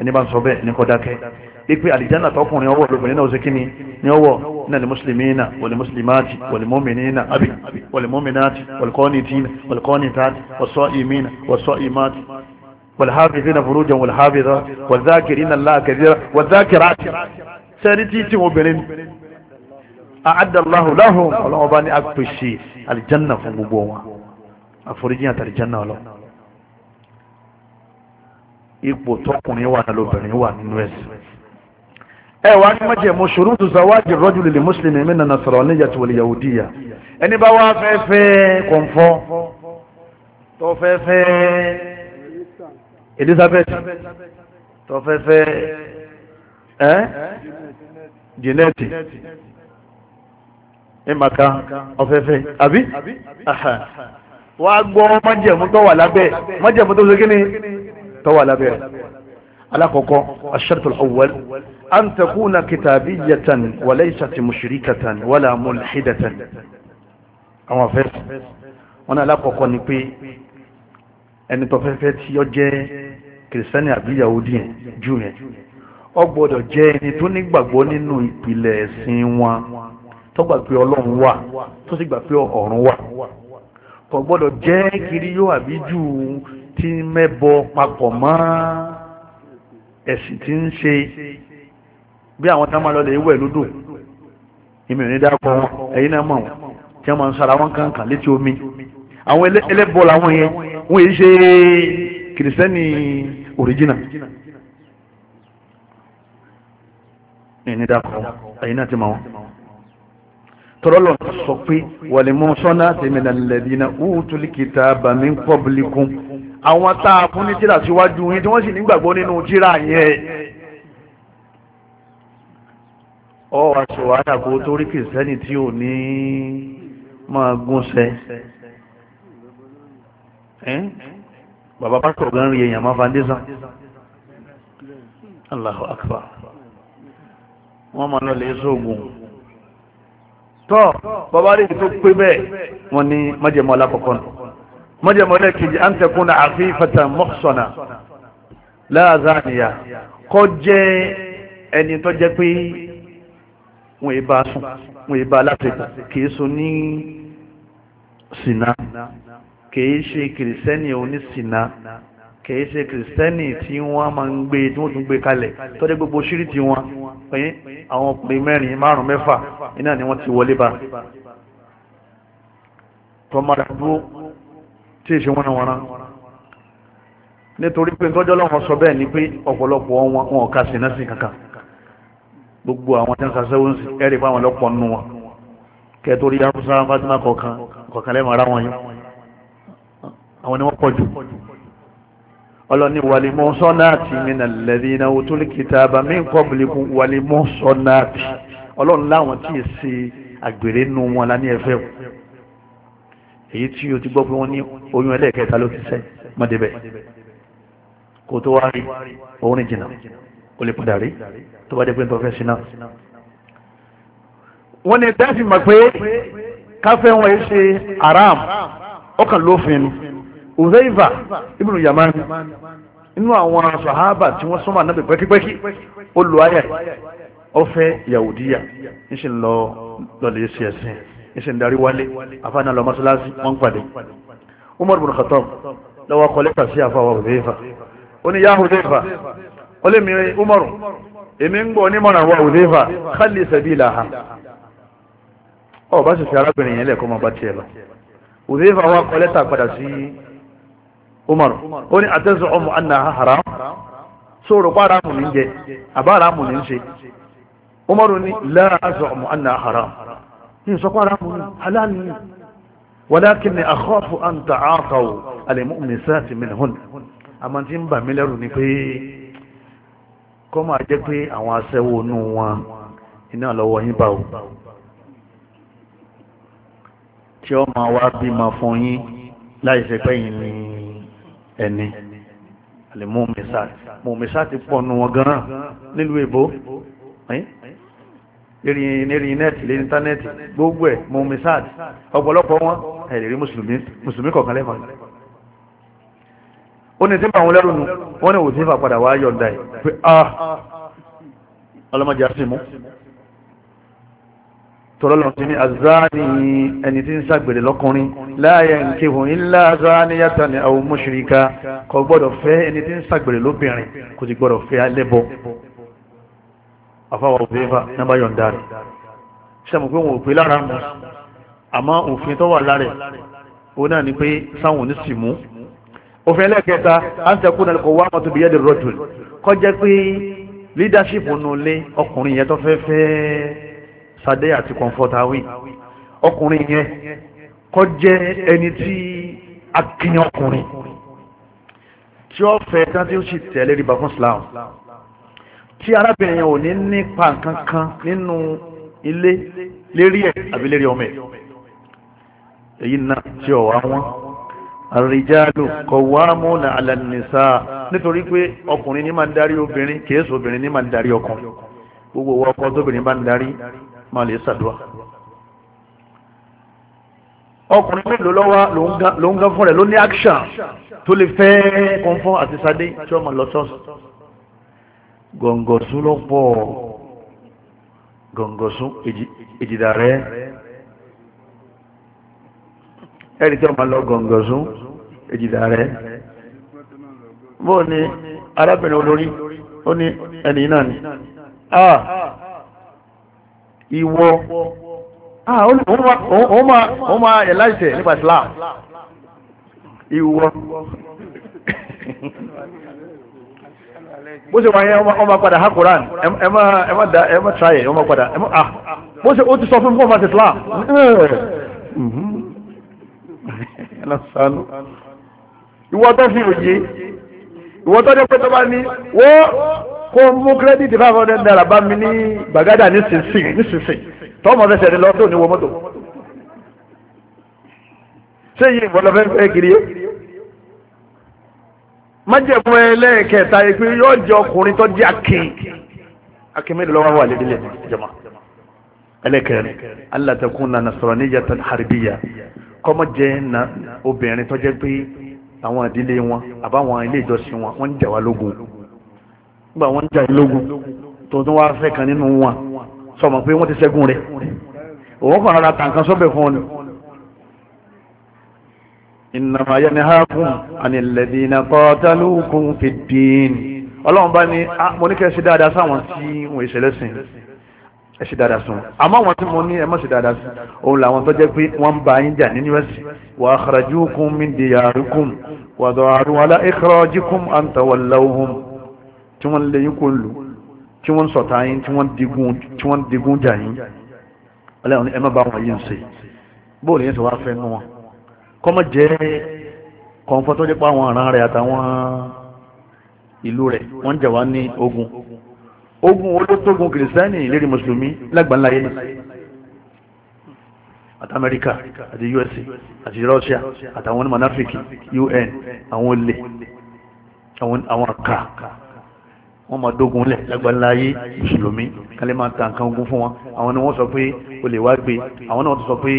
ẹni bá ń sọ bẹ́ẹ̀ ní kọ́dákẹ́ ipe àlìjánà tọkùnrin ọwọ́ lóbìnrin náà ó ṣe kí ni ní ọwọ́ náà ni mùsùlùmí náà wọlé mùsùlùmí àti wọlé mọ́mìnì náà àbí wọlé mọ́mìnì àti wọlé kọ́ni tí náà wọlé kọ́ni tààtì wọ́sọ́ ìmí náà wọ́sọ́ ìmá àti wọlé hábìrì náà fúrújà wọlé hábìrì náà wọlé zákìrì náà láàkẹ́rì àti sẹ́ni tí tí obìnrin àádọ́láhùn láhùn ọlọ́wọ́ bá ní àpèsè àlìjánà fún gbogbo wọn àforíjì àtàlìjánà ọlọ́wọ́ ipò tọkùnrin wà lóbìnrin wà nínú ẹ̀sìn ẹ wà ní májẹ̀mú ṣurutu zawaji rajuli lil muslimi mina nasraniyati wal yahudiyya ẹni bá wá fẹ́ fẹ́ kọ̀ǹfọ́ tó fẹ́ fẹ́ Elizabeth tó fẹ́ fẹ́ ẹ́ Jìnẹ́tì ìmàkà ọ̀fẹ́fẹ́ àbí wàá gbọ́ májẹ̀mú tó wà lábẹ́ májẹ̀mú tó ṣe kí ni tọ́wà lábẹ́ rẹ̀ alákọ̀ọ́kọ́ ash-shartul awwal an takuna kitabiyyatan wa laysat mushrikatan wala mulhidatan àwọn afẹ́ wọn alákọ̀ọ́kọ́ ni pé ẹni tó fẹ́fẹ́ tí ó jẹ́ kìrìsìtẹ́nì àbí yahudi yẹn jù yẹn ó gbọ́dọ̀ jẹ́ ẹni tó nígbàgbọ́ nínú ìpìlẹ̀ ẹ̀sìn wọn tó gbà pé ọlọ́run wà tó sì gbà pé ọ̀run wà kò gbọ́dọ̀ jẹ́ kiri yóò àbí jù tí mẹ́bọ papọ̀ mọ́ ẹ̀sìn tí ń ṣe bí àwọn tá máa lọ lè wẹ̀ lódò ìmì òní dákọ wọn ẹ̀yin náà mọ̀ wọn tí wọ́n máa ń sara wọn kankan létí omi àwọn ẹlẹ́bọ làwọn yẹn wọ́n yìí ṣe kìrìsìtẹ́nì òrìjìnà ìní dákọ ẹ̀yin náà ti mọ̀ wọn tọ́lọ́lọ́ sọ pé wàlímọ́ sọ́nà ó tún kìtà bàmí kọ́bìlì kún àwọn tá a fún ní tíra síwájú yín tí wọ́n sì nígbàgbọ́ nínú tíra yẹn ọ aṣọ àdàkọ torí kìrìsìtẹ́nì tí ò ní máa gúnṣẹ́ bàbá pásítọ̀ gan rí èèyàn máa fàndésàn Allahu akbar wọ́n máa lọ lè sóògùn tọ́ bàbá rí tó pé bẹ́ẹ̀ wọ́n ní májèmọ́ alákọ̀ọ́kọ́ náà mọ́jẹ̀mọ́lẹ̀ kejì à ń tẹ̀kún náà àfihàn mọ́sọ̀nà láàzánìyà kọ́ jẹ́ ẹni tó jẹ́ pé wọ́n ìbá sùn wọ́n ìbá látẹ̀kọ̀ kìí sùn ní sínà kìí ṣe kìrìsẹ́nì onísìnà kìí ṣe kìrìsìtẹ́nì tí wọ́n máa ń gbé tí wọ́n tún gbé kalẹ̀ tọ́jú gbogbo ṣíríìtì wọn pé àwọn ọkùnrin mẹ́rin márùn mẹ́fà iná ni wọ́n ti wọlé bá tọ́mọ́ra tí èṣe wọ́n wọ́n nítorí pé tọ́jọ́ lọ́wọ́ sọ bẹ́ẹ̀ ni pé ọ̀pọ̀lọpọ̀ wọn wọn ká sí náà sí kankan gbogbo àwọn tí ń sasẹ́ wọn sí ẹ̀rí fún àwọn lọ́pọ̀ nù wọn kẹtorí haúsá fatima kọ̀ọ̀kan kọ̀ọ̀kan lẹ́mọ̀ ara wọn yìí àwọn ni wọ́n pọ̀ jù ọlọ́ni wàlímọ́ sọ́nàtì mìnà lẹ́dínà òtúlì kìtàbà mí kọ́bìlìkù wàlímọ́ sọ́nàtì ọlọ́run láwọn tí ì èyí tí o ti gbọ́ pé wọ́n ní oyún ẹlẹ́ẹ̀kẹta ló fi sẹ́ mọ́débẹ̀ kò tó wá rí orin jìnnà o lè padà rí tó bá dé pé tọ́fẹ́ sí náà wọ́n ní dáàfin mọ̀ pé káfẹ́ wọn yìí ṣe haram ọkàn lófin Uzaifa ibnu Yaman inú àwọn sahaba tí wọ́n súnmọ́ ànábì pẹ́kípẹ́kí ó lo ayẹ ọfẹ́ yahudiya ń ṣe lọ lọ́lẹ̀ ṣe ẹ̀sìn ìsìn darí wálé àfáàná lọ mọ́sálásí wọ́n pàdé Umar bin Khattab lọ́wọ́ kọ lẹ́tà sí àfáwà Hudhayfa ó ní yá Hudhayfa ó lè mi Umar èmi ń gbọ́ onímọ̀ràn wa Hudhayfa khalli sabilaha ọ bá sì fi arábìnrin yẹn lẹ́kọ́ máa bá tiẹ̀ lọ Hudhayfa wa kọ lẹ́tà padà sí Umar ó ní annaha haram sóòrò pa aráàmù ní jẹ àbá aráàmù Umar ní láàásọ̀ ọmọ annaha haram ní ìsọpọ̀ ara mú ní aláàánú ní walakin ni akhafu an ta'ataw al-mu'minati minhun àmọ́ tí ń bà mí lẹ́rù ni pé kọ́ máa jẹ́ pé àwọn aṣẹ́wó inú wọn iná lọ́wọ́ yín bá o tí ó máa wá bímọ fún yín láì ṣe pé ní ẹni al-mu'minati mu'minati pọ̀ nù wọn gan-an nílùú èbó lérí nẹ́ẹ̀tì lérí íńtánẹ́ẹ̀tì gbogbo ẹ̀ mọ mẹsáàdì ọ̀pọ̀lọpọ̀ wọn ẹ̀ lè rí mùsùlùmí mùsùlùmí kọ̀ọ̀kan lẹ́fà ó ní sípò àwọn lẹ́rù nu wọ́n ní òsín fà padà wá yọ̀ǹda ẹ̀ pé ah ọlọ́mọdé àṣìmú tọ́lọ́lọ́ ti ní azáni ẹni tí ń ṣàgbèrè lọ́kùnrin láàyè nkehùn ńlá azáni yàtọ̀ ní àwọn mùṣírikà kò gbọ́dọ̀ fẹ́ ẹni tí ń ṣàgbèrè lóbìnrin kò sì gbọ́dọ̀ fẹ́ alẹ́bọ afáwà òfèéfà nábà yọ̀ǹda rẹ̀ sẹ́mu pé wọn ò pé lára mu àmọ́ òfin tó wà lára ẹ̀ ó náà ni pé sáwọn ní sì mú òfin ẹlẹ́kẹta àǹtẹ̀kùn náà kò wá mọ́tò bíi yẹ́dẹ̀ rọ́jò kọjá pé leadership nulẹ̀ ọkùnrin yẹn tó fẹ́ fẹ́ sadé àti kọ̀ǹfọ̀tàwì ọkùnrin yẹn kọjá ẹni tí akínyàn ọkùnrin tí ó fẹ́ tán tí ó sì tẹ̀lé rìbá fún tí arábìnrin yẹn ò ní nípa nǹkan kan nínú ilé lérí ẹ̀ àbí lérí ọmọ ẹ̀ èyí náà tí ọ̀ wá wọn àrìjálù qawwamuna 'ala an-nisaa nítorí pé ọkùnrin ní máa ń darí obìnrin kìí sọ obìnrin ní máa ń darí ọkùnrin gbogbo owó ọkọ tóbìnrin bá ń darí máa lè ṣàdúrà ọkùnrin mélòó lọ́wọ́ ló ń gán fún rẹ̀ ló ní action tó lè fẹ́ kọ́ńfọ́n àti sadé tí wọ́n máa lọ sọ́ọ̀sì gọ̀ǹgọ̀sún ló pọ̀ gọ̀ǹgọ̀sún ìjìdà rẹ̀ ẹ̀rí tí wọ́n máa lọ gọ̀ǹgọ̀sún ìjìdà rẹ̀ bó ni arábìnrin olórí ó ní ẹni náà ni ah ìwọ ah ó máa yẹ láìsẹ̀ nípa Islam ìwọ bó ṣe wáyé ọmọ padà ha koran ẹ má ẹ má da ẹ má tra yẹ ọmọ padà ẹ má ah bó ṣe ó ti sọ fún mi kó ọmọ ti fila ìwọ tó fi òye ìwọ tó dé pé tó bá ní wọ́n kó mú kírẹ́dìtì five hundred naira bá mi ní gbàgádà nísinsìnyí nísinsìnyí tọ́mọ fẹsẹ̀ rẹ lọ tó ní wọ mọ́tò ṣé yìí ìwọ lọ fẹ́ kiri yé. májẹ̀mú ẹlẹ́ẹ̀kẹta yìí pé yóò jẹ ọkùnrin tó jẹ́ akin akin mẹ́rin lọ́wọ́ wà lédílé jama ẹlẹ́kẹrin alatakun na nasaraniya tan haribiya kọ́mọ jẹ́ na obìnrin tó jẹ́ pé àwọn ìdílé wọn àbáwọn ilé ìjọsìn wọn wọn ń jà wá lógun nígbà wọ́n ń jà lógun wá kan nínú wọn sọmọ pé wọ́n ti ṣẹ́gun rẹ̀ òun kàn rárá tàǹkan sọ́bẹ̀ fún innama yanhakum anil ladina qatalukum fid din ọlọ́run bá ní ah, mo ní kẹ́ ẹ ṣe dáadáa sáwọn tí wọ́n ìṣẹ̀lẹ̀ sìn ẹ ṣe dáadáa sùn àmọ́ àwọn tí mo ní ẹ má ṣe dáadáa sùn òun làwọn tó jẹ́ pé wọ́n ń bá yín jà nínú ẹ̀sìn wa akhrajukum min diyarikum wa da'aru ala ikhrajikum an tawallawhum tí wọ́n lé yín kó lù tí wọ́n sọ̀tà yín tí wọ́n digun jà yín ọlọ́run ẹ má bá wọn yín ṣe bóòlù yín sọ wá fẹ́ nú wọn kọ́mọ jẹ́ kọ̀ǹfọ́ tó jẹ́ pé àwọn àrán rẹ̀ àtàwọn ìlú rẹ̀ wọ́n jẹ̀ wá ní ogun ogun olótógun kìrìsìtẹ́nì lérí mùsùlùmí lágbàláyé ni àti amẹ́ríkà àti usa àti russia àtàwọn manafiki un àwọn olè àwọn àkà wọ́n máa dógun lẹ̀ lágbàláyé mùsùlùmí kálẹ̀ máa ta nǹkan ogun fún wọn àwọn ni wọ́n sọ pé olè wá gbé àwọn náà sọ pé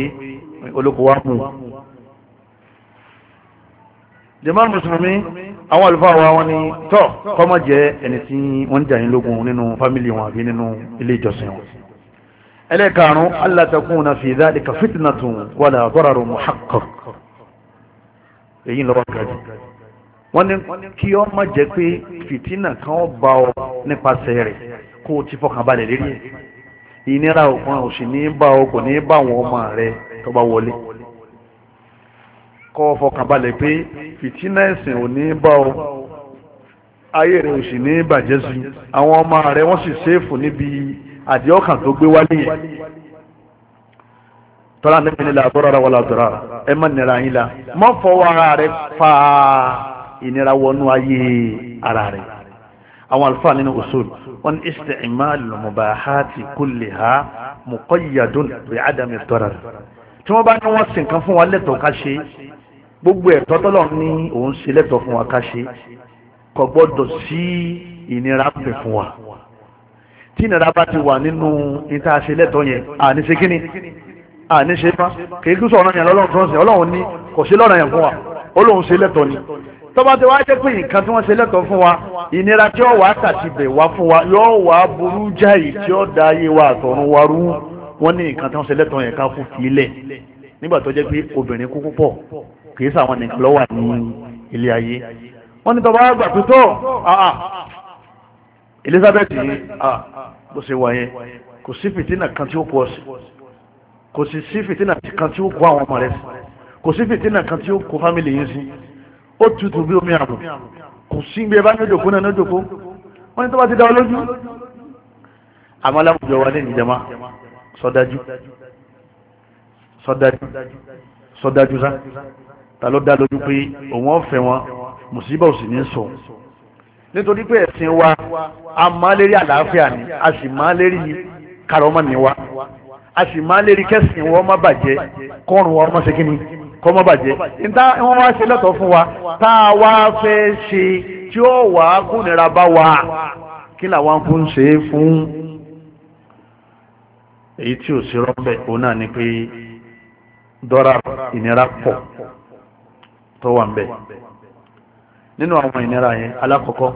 olóko wá mú jamaa musulumi àwọn àlùfáà wa wọn ni tọ kọmọ jẹ ẹni tí wọn ń jàyín lógun nínú fámìlì wọn àbí nínú ilé ìjọsìn wọn ẹlẹ́ẹ̀karùn-ún alla takuna fi dhalika fitnatun wala dararun muhaqqaq èyí lọ́wọ́ gàdí wọ́n ní kí ọ má jẹ́ pé fìtínà kan ó bá ọ nípasẹ̀ rẹ̀ kó o ti fọkàn balẹ̀ lérí ìnira òkan ò ní bá ọ bá àwọn ọmọ rẹ̀ tó bá wọlé kọ́ fọkànbalẹ̀ pé fìtínà ẹ̀sìn ò ní bá ọ ayé rẹ̀ ò sì ní bàjẹ́ sí àwọn ọmọ rẹ̀ wọ́n sì ṣéèfù níbi àdéhọ́kàn tó gbé wálé yẹn tọ́lá níbi nílẹ̀ àbúrọ̀ra wọlé àdúrà ẹ má nira yín la má fọwọ́ ara rẹ̀ fa ìnira wọnú ayé ara rẹ̀ àwọn àlùfáà nínú usul wọn isti'malu mubahati kulliha muqayyadun bi adami darar tí wọ́n bá ní wọ́n sìnkan fún wa lẹ́tọ̀ọ́ ká ṣe gbogbo ẹ̀tọ́ tọ́lọ̀ ní òun ṣe lẹ́tọ̀ fún wa ká ṣe kò gbọ́dọ̀ sí ìnira pè fún wa tí ìnira bá ti wà nínú níta ṣe lẹ́tọ̀ yẹn àní ṣe kíni àní ṣe bá kìí kí sọ̀rọ̀ yẹn lọ́lọ́run tó ń sìn ọlọ́run ní kò ṣe lọ́rọ̀ yẹn fún wa ọlọ́run ṣe lẹ́tọ̀ ni tọ́ba tí wàá jẹ́ pé nǹkan tí wọ́n ṣe lẹ́tọ̀ fún wa ìnira tí ó wà á tàti bẹ̀ wá fún wa yóò wà á burú jáì tí ó da ayé wa àtọ̀run wa rú wọ́n ní nǹkan tí wọ́n ṣe lẹ́tọ̀ yẹn ká fún fi lẹ̀ nígbà tó jẹ́ pé obìnrin kúkú pọ̀ kìí sàwọn nìkan ló wà ní ilé ayé wọ́n ní tọba gbà pé tó àà ah, ah, Elizabeth yìí àà ah, bó ṣe wà yẹn kò sí fìtínà kan tí ó kó ọ sí kò sì sí fìtínà kan tí ó kó àwọn ọmọ rẹ sí kò sí fìtínà kan tí ó kó fámìlì yìí sí ó tutù bí omi àbò kò sí gbé bá ní òjòkó náà ní òjòkó wọ́n ní tọba ti dá ọ lójú àmọ́ aláwùjọ wa ní ìjẹma sọdájú sọdájú sọdájú sá ta ló dá lójú pé òun ọ̀fẹ́ wọn mùsíbà ò sì ní sọ nítorí pé ẹ̀sìn wa a máa lérí àlàáfíà ni a sì máa lérí karọ́mọ́ ni wa a sì máa lérí kẹ́sìn wọn má bàjẹ́ kọ́rùn wọn má ṣe kí ni kọ́ má bàjẹ́ níta wọ́n wá ṣe lọ́tọ̀ fún wa tá a wá fẹ́ ṣe tí ó wà á kún nira bá wa kí làwọn kún ṣe é fún èyí tí ò sí rọ́bẹ̀ òun náà ni pé dọ́ra ìnira pọ̀ tó wà ń bẹ̀ nínú àwọn ìnira yẹn alákọ̀ọ́kọ́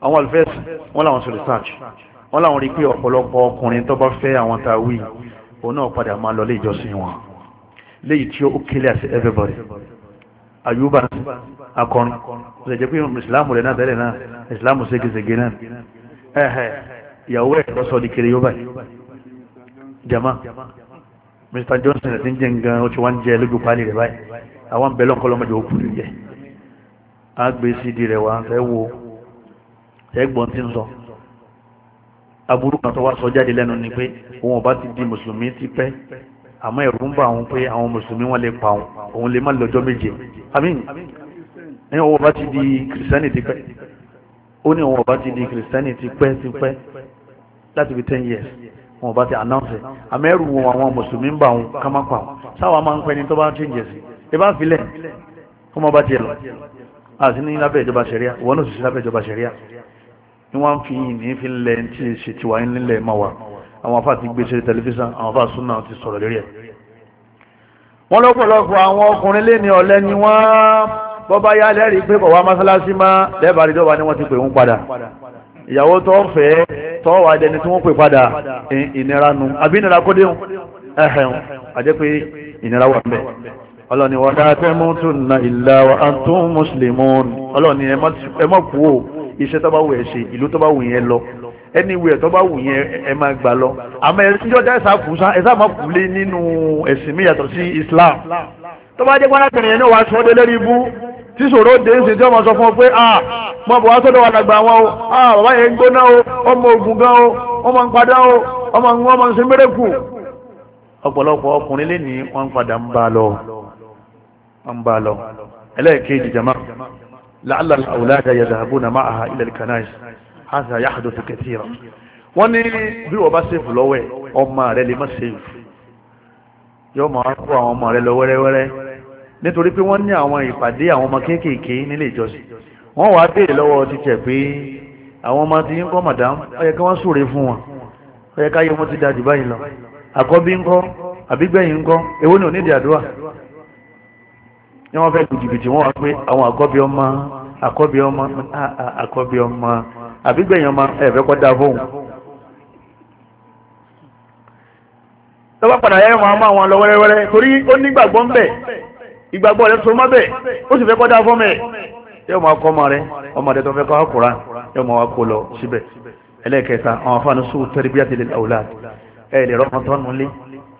àwọn alifẹ́sì wọ́n làwọn ṣe research wọ́n làwọn rí pé ọ̀pọ̀lọpọ̀ ọkùnrin tó bá fẹ́ àwọn tá a wí òun náà padà máa lọ lé ìjọsìn wọn léyìí tí ó kílẹ̀ àti everybody àyùbá akọrin ṣe jẹ́ pé ìsìláàmù rẹ̀ náà tẹ́lẹ̀ náà ìsìláàmù ségesège náà ẹ̀hẹ̀ ìyàwó ẹ̀ lọ́sọ̀ di kiri yóò báyìí jama Mr Johnson ẹ̀ ti ń jẹ́ nǹkan ó ti wá ń jẹ lójú pálí rẹ̀ báyìí àwọn ń bẹ lọ́nkọ́lọ́mọdé ó a gbé sídi rẹ̀ wá fẹ́ wo ẹgbọ́n tí ń sọ aburú kan tó wá sọ jáde lẹ́nu ni pé òun ọba ti di mùsùlùmí ti pẹ́ àmọ́ ẹ̀rù ń bà wọn pé àwọn mùsùlùmí wọn lè pa òun òun lè má lọ́jọ́ méje àmín ní òun ọba ti di kìrìsìtẹ́nì ti pẹ́ ó ní òun ọba ti di kìrìsìtẹ́nì ti pẹ́ ti pẹ́ láti fi ten years wọn ọba ti announce àmọ́ ẹ̀rù wọn àwọn mùsùlùmí ń bà wọn ká má pa wọn sáwọn máa ń pẹ́ ni tó bá change sí ìbá filẹ̀ fún ọba tiẹ̀ lọ àti ní lábẹ́ ìjọba ṣẹ̀ríà ìwọ náà sì sí lábẹ́ ìjọba ṣẹ̀ríà ni wọ́n fi yìn ní fi lẹ̀ tí ì ṣètì wáyé nílẹ̀ máa wà àwọn afá ti gbé ṣeré tẹlifíṣàn àwọn afá súnà ti sọ̀rọ̀ lórí ẹ̀. wọ́n lọ́pọ̀lọpọ̀ àwọn ọkùnrin lé ní ọ̀lẹ ni wọ́n bọ́ bá yá lẹ́rìí pé bọ̀wá mọ́sálásí má lẹ́bàá rí dọ́wà ni wọ́n ti pè ń padà ìyàwó tó fẹ́ tó wà dẹni tí wọ́n pè padà ìnira nu àbí ìnira kódéhùn ẹ̀hẹ̀hùn àjẹ́ pé ìnira wà ń bẹ̀ ọlọ́ni wọ́n dá tẹ́mú tún na ìlà wa antum muslimun ọlọ́ni ẹ mọ̀ kú o iṣẹ́ tó bá wù ẹ́ ṣe ìlú tó bá wù yẹn lọ ẹni wù ẹ́ tó bá wù yẹn ẹ máa gbà lọ àmọ́ ẹjọ́ dá ẹ̀sà kù sá ẹ̀sà máa kù lé nínú ẹ̀sìn mi yàtọ̀ sí Islam tó bá jẹ́ pé arákùnrin yẹn náà wàá sọ dé lórí ibú tí sòro dé ṣe tí ọmọ sọ fún ọ pé ah mo bọ̀ wá sọ́dọ̀ wa làgbà wọn o ah bàbá yẹn ń gbóná o ọmọ ògùn gan o ọmọ ń padà o ọmọ ń wọ́n ọmọ ń ṣe mẹ́rẹ́kù ọ̀pọ̀lọpọ̀ ọkùnrin lé ní wọ́n ń padà ń bá a lọ. ń bá lọ ẹlẹ́ẹ̀kejì jama la'alla al ya yadhhabuna ma'aha ila al-kanais hadha yahduthu kathiran wọ́n ní bí wọ́n bá sèfù lọ́wọ́ ẹ̀ ọmọ rẹ̀ lè má sèfù yóò máa kó àwọn ọmọ rẹ̀ lọ wẹ́rẹ́wẹ́rẹ́ wọ́n ní àwọn lọ́wọ́ ti tẹ̀ pé àwọn ọmọ ti ń madam kí wọ́n fún wọn ó yẹ káyé ti da báyìí lọ àkọ́bí àbígbẹ̀yìn èwo ni ò ní ìdí àdúrà ní wọ́n fẹ́ lu jìbìtì wọ́n wá pé àwọn àkọ́bí ọmọ àkọ́bí ọmọ àkọ́bí ọmọ àbígbẹ̀yìn ọmọ ẹ̀fẹ́ kọ́ da fóun. lọ́wọ́ padà yẹ́ wọn a máa wọn lọ wẹ́rẹ́wẹ́rẹ́ torí ó nígbàgbọ́ ń bẹ̀ ìgbàgbọ́ rẹ̀ tó mọ́ bẹ̀ ó sì fẹ́ kọ́ da fọ́ mẹ́ yóò máa kọ́ ọmọ rẹ̀ ọmọ rẹ̀ tó fẹ́ kọ́ àkùrá yóò máa kó lọ síbẹ̀ ẹlẹ́ẹ̀kẹta àwọn afáàní sùn tẹ́rẹ́bíyàtì lè àwòlá ẹ̀ lè rọ́ọ̀kan tó wà nulẹ̀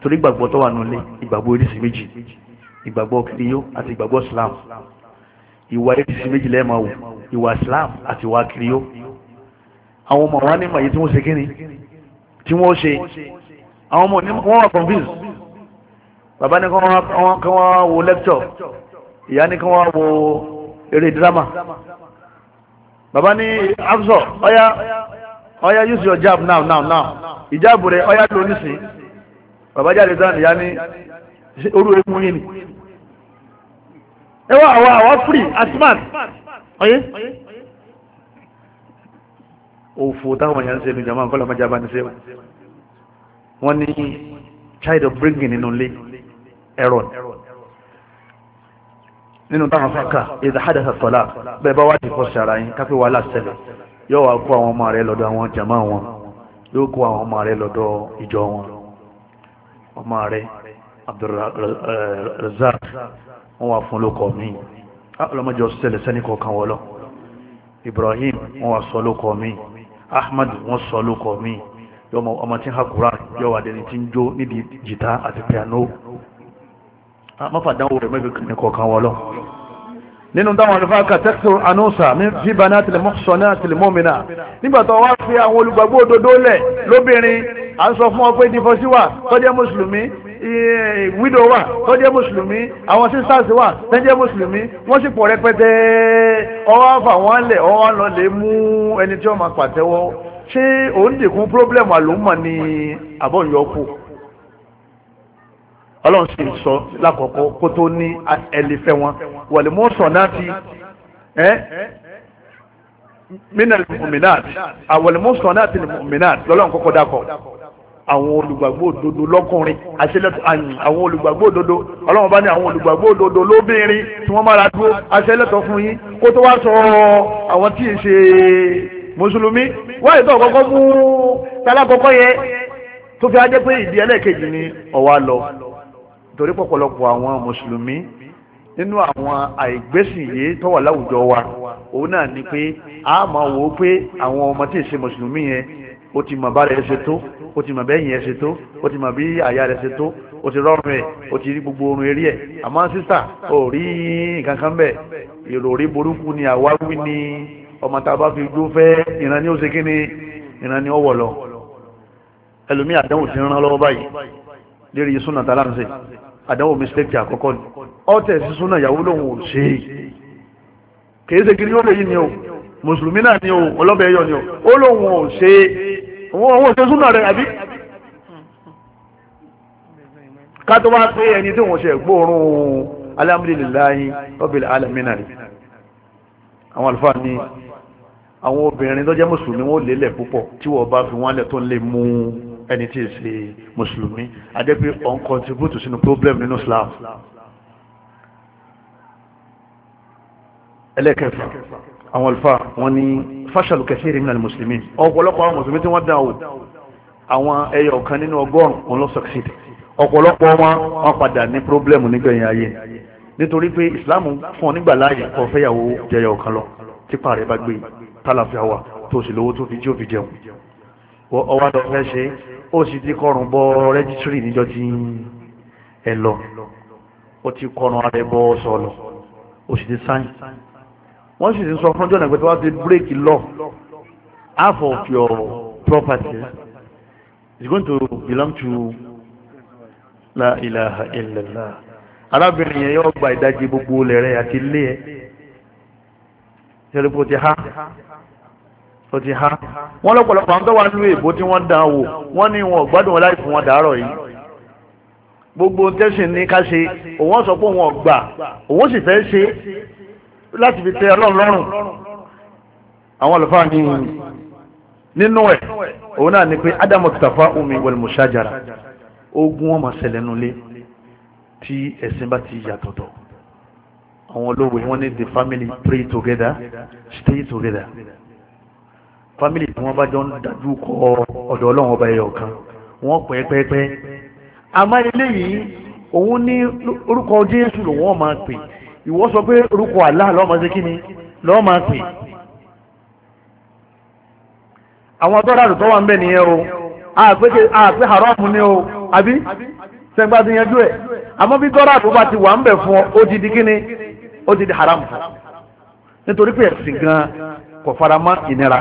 torí ìgbàgbọ́ tó wà nulẹ̀ ìgbàgbọ́ oríṣi méjì ìgbàgbọ́ kìrìyó àti ìgbàgbọ́ islam ìwà apc méjì lẹ́ẹ̀mọ́ wò ìwà islam àti ìwà kìrìyó àwọn ọmọ wa nímọ̀ yìí tí wọ́n ṣe kíni tí wọ́n ṣe àwọn ọmọ wọn wà confused bàbá ní kí wọ́n wo lecture ìyá ní kí wọ́n wo eré drama bàbá ní afzọ ọyá ọyá use your jab now now now ìjáàbù rẹ ọyá lónìí sí bàbá jáde sáà nìyá ní orú ẹmu yìí ni ẹ wá àwọn àwọn free asmat ọyẹ òfò táwọn èèyàn ń ṣe ní jama nǹkan lọ́mọdé abá ní ṣe wọ́n ní child of bringing nínú ilé ẹ̀rọ nínú táwọn fàkà ìdá hadasa sọlá bẹ́ẹ̀ bá wá ti fọ́ ṣàrà yín káfí wàhálà ṣẹlẹ̀ yóò wá kó àwọn ọmọ rẹ̀ lọ́dọ̀ àwọn jama wọn yóò kó àwọn ọmọ rẹ̀ lọ́dọ̀ ìjọ wọn ọmọ rẹ̀ abdulrazak wọ́n wà fún lókọ̀ mi ah, ọlọ́mọjọ́ sẹlẹ̀ sẹ́ni kọ̀ọ̀kan wọ́lọ́ ibrahim wọ́n wà sọ lókọ̀ mi ahmad wọ́n sọ lókọ̀ mi ọmọ tí ń ha kura yọwọ́ adẹni tí ń jó nídìí jìtá àti piano ah, mọ́fàdánwò rẹ̀ mẹ́bí kọ̀ọ̀kan wọ́lọ́ nínú táwọn alifáàkà tẹ́kítọ̀ anúsà fi bana tilẹ̀ mọ́sánná tilẹ̀ mọ́mìnà nígbàtọ̀ wá fi àwọn olùgbàgbọ́ òdodo lẹ̀ lóbìnrin à ń sọ fún ọ pé dífọ́síwà tọ́jẹ́ mùsùlùmí Eh, widow wà tó jẹ́ mùsùlùmí àwọn sisters wà tó jẹ́ mùsùlùmí wọ́n sì pọ̀ rẹpẹtẹ ọwọ́ fà wọ́n lẹ̀ ọwọ́ lọ lè mú ẹni tí wọ́n máa pàtẹ́wọ́ ṣé òun dìkún problem àlòmọ̀ ni àbọ̀nyọ́kù ọlọ́run sì sọ lákọ̀ọ́kọ́ kó tó ní ẹlẹ́fẹ́ wọn wọ̀lẹ̀ mọ́ sọ̀ náà ti ẹ́ mínà lè mọ̀mìnà àwọ̀lẹ̀ mọ́ sọ̀ náà ti lè mọ̀mìnà lọ́lọ́run kọ́kọ́ dákọ̀ọ́ àwọn olùgbàgbọ́ òdodo lọ́kùnrin àṣẹlẹ́tọ̀ àwọn olùgbàgbọ́ òdodo ọlọ́run bá ní àwọn olùgbàgbọ́ òdodo lóbìnrin tí wọ́n máa ra dúró àṣẹlẹ́tọ̀ fún yín kó tó wá sọ àwọn tí ì ṣe mùsùlùmí wọ́n ètò ọ̀kọ́kọ́ mú tálákọ́kọ́ yẹ tó fi ajẹ́ pé ìdí ẹlẹ́ẹ̀kejì ni ọ̀wá lọ torí pọ̀pọ̀lọpọ̀ àwọn mùsùlùmí nínú àwọn àìgbésìn yìí tó wà láwùjọ wa òun náà ni pé a máa wò ó pé àwọn ọmọ tí ì ṣe mùsùlùmí yẹn ó ti mọ̀ bá rẹ̀ ṣe tó ó ti mọ̀ bẹ́yìn ẹ̀ ṣe tó ó ti mọ̀ bí àyà rẹ̀ ṣe tó ó ti rọrùn ẹ̀ ó ti rí gbogbo orun eré ẹ̀ àmọ́ sísà ò rí nǹkan kan bẹ̀ ìròrí burúkú ni àwáwí ni ọmọ tá a bá fi gbó fẹ́ ìran ni ó ṣe kíni ìran ni ó wọ̀ lọ ẹlòmíì àdánwò ti rán lọ́wọ́ báyìí lérí súnà tá a láǹṣe àdánwò mistake àkọ́kọ́ ni ọ̀tẹ̀ sí súnà ìyàwó lòun ò ṣe kì í ṣe kiri ó lè yí ni o mùsùlùmí náà ni o ọlọ́bẹ̀ ni o ó lòun ò ṣe òun òun ṣe súnà rẹ̀ àbí ká tó wá pé ẹni tí wọ́n ṣe gbóòórùn alhamdulillahi rabbil alamin rẹ̀ àwọn àlùfáà ní àwọn obìnrin tó jẹ́ mùsùlùmí wọ́n lélẹ̀ púpọ̀ tí wọ́n bá fi wọ́n lẹ̀ tó lè mú ẹni tí ì ṣe mùsùlùmí adẹ́pẹ́ ọ̀n contribute sínú problem nínú Islam ẹlẹ́kẹfà àwọn àlùfáà wọ́n ní fashalu kathiri minal muslimin ọ̀pọ̀lọpọ̀ àwọn mùsùlùmí tí wọ́n dá o àwọn ẹyọ kan nínú ọgọ́rùn ún lọ succeed ọ̀pọ̀lọpọ̀ wọn wọ́n padà ní problem nígbẹ̀yìn ayé nítorí pé islam fún ọ nígbà láàyè kó fẹ́yàwó jẹyọ kan lọ típa rẹ̀ bá gbé tálàfíà wà tó sì lówó tó fi jí òfi jẹun ọwọ́ àdó fẹ́ ṣe ó sì ti kọrùn bọ rẹ́gísírì níjọ́ tí ẹ lọ ó ti kọrùn ara ẹ bọ́ sọ lọ ó sì ti sáyìn wọ́n sì ti sọ fún jọ́nà pé tí wọ́n ti bírèkì law, half of your property is going to belong to la ilaha illallah arábìnrin yẹn yóò gba ìdajì gbogbo lẹ́rẹ́ àti ilé ẹ̀ tẹ́lifù ti há ó ti há wọ́n lọ́pọ̀lọpọ̀ àwọn tó wà nínú èbó tí wọ́n dán wò wọ́n ní wọn gbádùn wọn láì fún wọn dàárọ̀ yìí gbogbo tẹ́sán ní ká ṣe òun sọ pé òun ọ̀gbà òun sì fẹ́ ṣe láti fi tẹ ọlọ́run lọ́rùn àwọn àlùfáà ní nínú ẹ̀ òun náà ni pé ádámù tàfà omi wal mushajara ogun wọn máa ṣẹlẹ̀ nulẹ̀ tí ẹ̀sìn bá ti yàtọ̀tọ̀ àwọn olówó wọn ní the family pray together stay together family tí wọ́n bá jọ ń dájú kọ ọ̀dọ̀ ọlọ́run ọba ẹ̀yọ̀ kan wọ́n pẹ́ pẹ́ pẹ́ àmọ́ eléyìí òun ní orúkọ jésù lòun ọ̀ máa pè é ìwọ sọ pé orúkọ àlá lọ́mọ sí kíni lọ́mọ pè àwọn tọ́rọ tó wà ń bẹ̀ nìyẹn o àpé haramu ni o àbí sẹ́gbà ti yanjú ẹ̀ àmọ́ bí tọ́rọ tó bá ti wà ń bẹ̀ fún ọ ó ti di kíni ó ti di haramu nítorí pé ẹ̀sìn gan kò fara mọ́ ìnira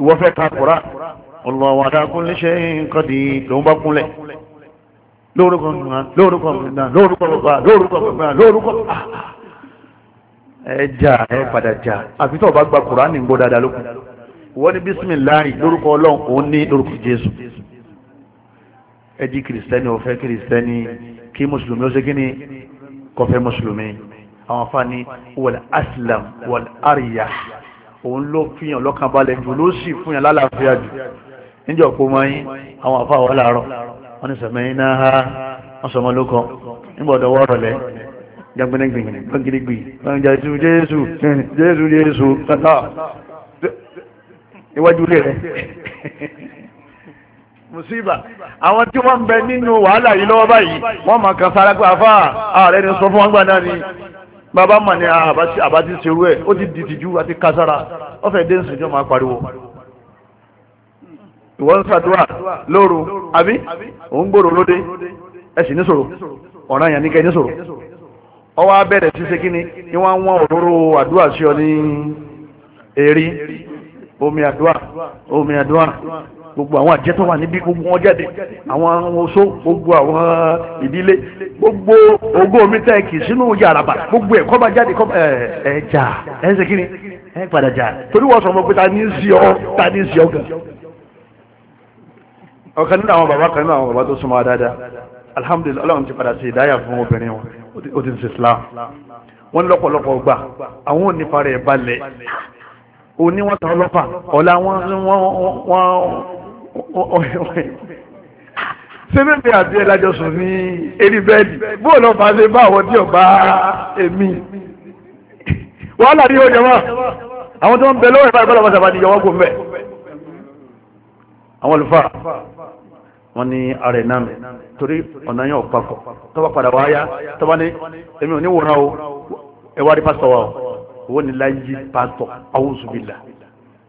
ìwọ fẹ́ ka Kùránì Allahu ala kulli shay'in qadir lòun bá kúnlẹ̀ lórúkọ mìíràn lórúkọ mìíràn lórúkọ bàbá lórúkọ bàbá lórúkọ ẹjà ẹ padà jà àfi tó o bá gba kùránì gbọ́ dáadáa lókun wọ́n ní bísímìláì lórúkọ ọlọ́run òun ní lórúkọ jésù ẹ di kìrìsìtẹ́nì ó fẹ́ kìrìsìtẹ́nì kí mùsùlùmí ó ṣe kí ni kò fẹ́ mùsùlùmí àwọn afáàní wọ̀lẹ̀ aslam wọ̀lẹ̀ àríyá òun ló fihàn lọ́kànbalẹ̀ jù ló sì fún yàn lálàáfíà jù níjọ́ pọ̀ mọ́ yín àwọn afáà wọ́n láàárọ̀ wọ́n ní sọ̀mọ́ iná ha wọ́n sọ̀mọ́ lókọ́ nígbọ̀dọ̀ wọ́rọ̀ lẹ́ jagbenegbìyàn gbọ́ngirigbì jésù jésù jésù jésù kàtà iwájú ilé rẹ̀ musiba àwọn tí wọ́n ń bẹ nínú wàhálà yìí lọ́wọ́ báyìí wọ́n máa kan sára pé àfà ààrẹ ni sọ fún wọn gbà ni bàbá mà ní àbá ti ṣerú ẹ̀ ó ti dìtìjú àti kására ọ̀fẹ́ dé ń sùn jọ máa pariwo ìwọ ń ṣàdúrà lóru àbí òun gbòòrò lóde ẹ sì níṣòro ọ̀ràn yẹn ní kẹ́ níṣòro ọwọ́ abẹ́rẹ́ ṣíṣe kí ni ni wọ́n ń wọ́n òróró àdúrà sí ọ ní èrí omi àdúrà omi àdúrà gbogbo àwọn àjẹ́ tó wà níbí gbogbo wọn jáde àwọn oṣó gbogbo àwọn ìdílé gbogbo ogó omi tẹ́ẹ̀kì sínú yàràbà gbogbo ẹ̀ kọ́ bá jáde kọ́ ẹ̀ jà ẹ̀ ṣe kí ni ẹ̀ padà jà torí wọ́n sọ pé ta ní sí ọ ta ní sí ọ gan ọ̀kan nínú àwọn bàbá kan nínú àwọn bàbá tó súnmọ́ dáadáa alhamdulillah ọlọ́run ti padà sí ìdáyà fún obìnrin wọn ó ti ń ṣe islam wọn lọ́pọ̀lọpọ̀ gbà àwọn ò ní fara ẹ̀ balẹ̀ òní wọn ta ọlọ́pàá ọ̀la wọn sẹ́mẹ̀mẹ̀ àti ẹlájọsùn ní eribẹ́ẹ̀dì bóò lọ bá ṣe bá àwọn tí ọba èmi wàhálà ní ọjọ́ máa àwọn tó ń bẹ lọ́wọ́ ìfàgbọ́lọ́wọ́ sàbàdì yọwọ́ kò mẹ́ àwọn olùfà wọ́n ní ara ẹ̀ náà mi torí ọ̀nà yẹn ò papọ̀ tọ́wọ́ padà wá yá tọ́wọ́ ní èmi ò ní wòran o ẹ wá rí pásítọ̀ wa o owó ní láyé pásítọ̀ awúzùbìlà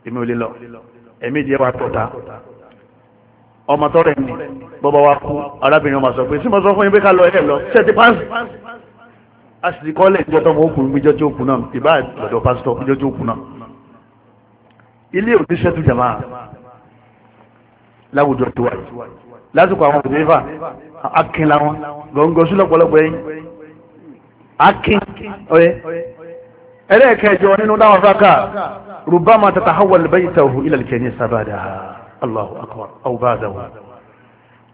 èmi ò lè lọ ẹ̀mí ìdí ẹ̀ wá tọ̀ta ọmọ tọrẹ ni bọ́bá wa kú arábìnrin ọmọ sọ pé sí mo sọ fún yín pé ká lọ ẹ̀ lọ ṣe ti páàsì a sì kọ́lẹ̀ ìjọ tó mọ òkun ìjọ tí ó kù ìbá ìjọ pásítọ̀ ìjọ tí ó kù ilé òdíṣẹ́ tó jàmáà láwùjọ tó wáyé lásìkò àwọn òṣèlú akin làwọn gọ̀ǹgọ̀ sí lọ́pọ̀lọpọ̀ yìí akin ọ̀yẹ́ ẹlẹ́ẹ̀kẹjọ nínú dáwọn fáka rubama tatahawwal baytahu ila al-kanisa sábàdà Allahu akbar aw ba'dahu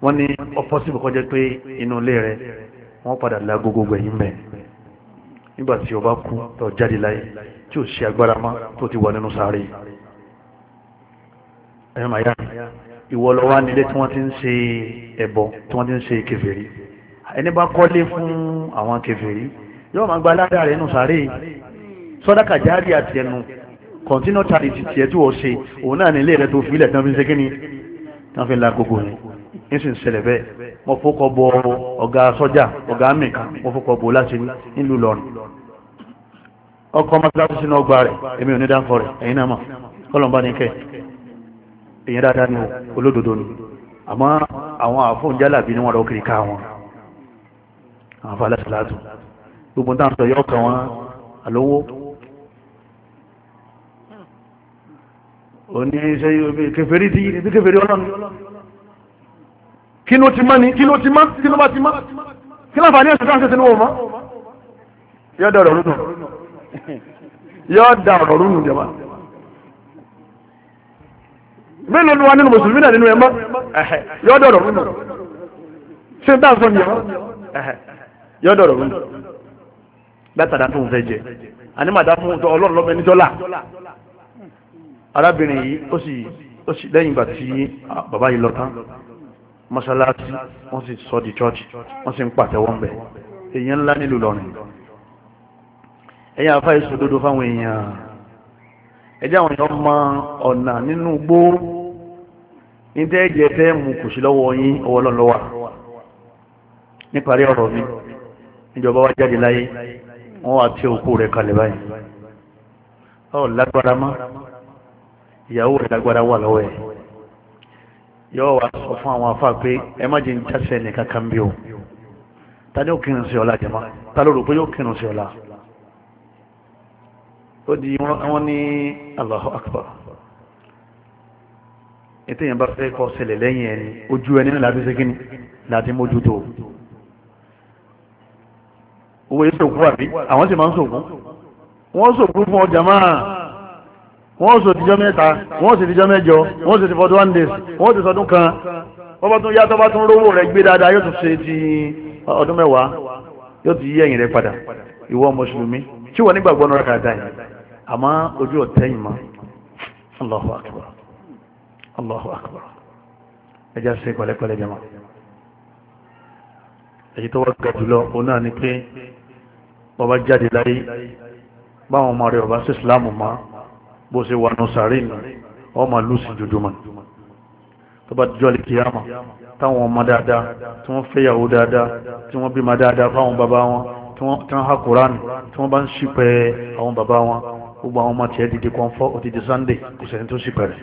wọ́n ní ọ̀pọ̀sibù kọjẹ́ pé inú ilé rẹ̀ wọ́n padà lágogo gbẹ̀yìn mẹ́ nígbà tí o bá kú tó jáde láyé tí ò ṣe agbára mọ́ tó ti wà nínú sáré ẹ̀rọ màá ìwọ lọ wá nílé tí wọ́n ti ń ṣe ẹbọ tí wọ́n ti ń ṣe kèfèrí ẹni bá kọ́lé fún àwọn kèfèrí yóò máa gba aládàá rẹ̀ nù sáré sọ́dáka járí àti ẹnu kọ̀ntínọ́tàlì ti tiẹ̀ tí wọ́n ṣe òun náà nílé rẹ̀ tó fi ilẹ̀ tán fi ń ṣe kíni tán fi ń la gbogbo rẹ̀ ń sì ń ṣẹlẹ̀ bẹ́ẹ̀ mo fọkọ̀ bọ ọ̀gá sọ́jà ọ̀gá mẹ́ka mo fọkọ̀ bọ láti nílùú lọ́rùn ọkọ̀ mọ́tàlá sínú ọgbà rẹ̀ èmi ò ní dáńfọ́ rẹ̀ ẹ̀yin náà mọ̀ kọ́lọ̀ ń bá ní kẹ́ èyàn dáadáa ní olódodo ni àmọ́ àwọn àfún jálàbí ni wọ́n lọ kiri ká wọn àwọn falẹ́sàlátù gbogbo táwọn sọ yọ́ kan wọn àlówó òní ṣe kèfèrí tí ibi kèfèrí ọlọ́nu kí ló ti má ní kí ló ti má kí ló bá ti má kí láǹfààní ẹ̀sùn tó ń ṣẹ̀ṣẹ̀ ní wọ́n yọ́ da ọ̀rọ̀ rúnù yọ́ da ọ̀rọ̀ rúnù jẹ́ máa mélòó ni wà nínú mùsùlùmí náà nínú ẹmọ yọdọrọ rúnà ṣé n tá à ń sọ nìyẹn yọdọrọ rúnà látàdá tó ń fẹ́ jẹ àní màdá fún ọlọ́run lọ́mọ ẹni dọ́là arábìnrin yìí ó sì ó sì lẹ́yìn ìgbà tí bàbá yìí lọ tán mọ́ṣáláṣí wọ́n sì sọ di chọ́ọ̀chì wọ́n sì ń pàtẹ́wọ́ ń bẹ̀ èèyàn ńlá nílùú lọ́rin ẹ̀yìn afá ìṣòdodo fáwọn èèyàn ẹjẹ́ àwọn èèyàn mọ ọ̀nà nínú gbó ní tẹ́ẹ̀jẹ tẹ́ mú kù sí lọ́wọ́ yín ọwọ́ lọ́lọ́wà níparí ọ̀rọ̀ mi ìjọba wá jáde láyé wọ́n wá tí òkú rẹ̀ kalẹ̀ báyìí ọ̀ lágbára mọ́ ìyàwó rẹ̀ lágbára wà lọ́wọ́ ẹ̀ yọ́ wá sọ fún àwọn afá pé ẹ má jẹ́ ń jásẹ̀ nìkan kan bí o ta ni ó kírun sí ọ̀la jẹ̀mọ́ ta ló rò pé yóò kírun sí ọ̀la ó di wọ́n ní Allahu Akbar ètò yẹn bá fẹ́ kọ́ ṣẹlẹ̀ lẹ́yìn ẹni ojú ẹni náà láti ṣe kíni láti mójútó owó yìí ṣòkú àbí àwọn sì máa ń ṣòkú wọ́n ṣòkú fún ọjà máa wọ́n ṣò tìjọ́ mẹ́ta wọ́n ṣò tìjọ́ mẹ́jọ wọ́n ṣò ti fọ́dún one days wọ́n ṣò sọdún kan wọ́n bá tún yá bá tún rówó rẹ̀ gbé dáadáa yóò tún ṣe ti ọdún mẹ́wàá yóò ti yí ẹ̀yìn rẹ̀ padà ìwọ mùsùlùmí tí wọ́n nígbàgbọ́ náà kàdá yìí àmọ́ ojú ọ̀tẹ́yìn mọ́ Allahu akbar Allahu akbar ẹjá sí pẹ̀lẹ́pẹ̀lẹ́ jẹmọ́ èyí tó wá gbà jùlọ òun náà ni pé bàbá jáde láyé báwọn ọmọ rẹ̀ ọba sí Islam mọ́ bó ṣe wà nù sàárè nù ọmọ lùsì jùjùmọ̀ tó bá jọ́ lè táwọn ọmọ dáadáa tí wọ́n fẹ́yàwó dáadáa tí wọ́n bímọ dáadáa fáwọn bàbá wọn tí wọ́n ha kuraani tí wọ́n bá ń ṣìpẹ̀ àwọn bàbá wọn gbogbo àwọn ọmọ tiẹ̀ dìde kan fọ́ òdìdí sunday kò sẹ́ni tó ṣìpẹ̀ rẹ̀.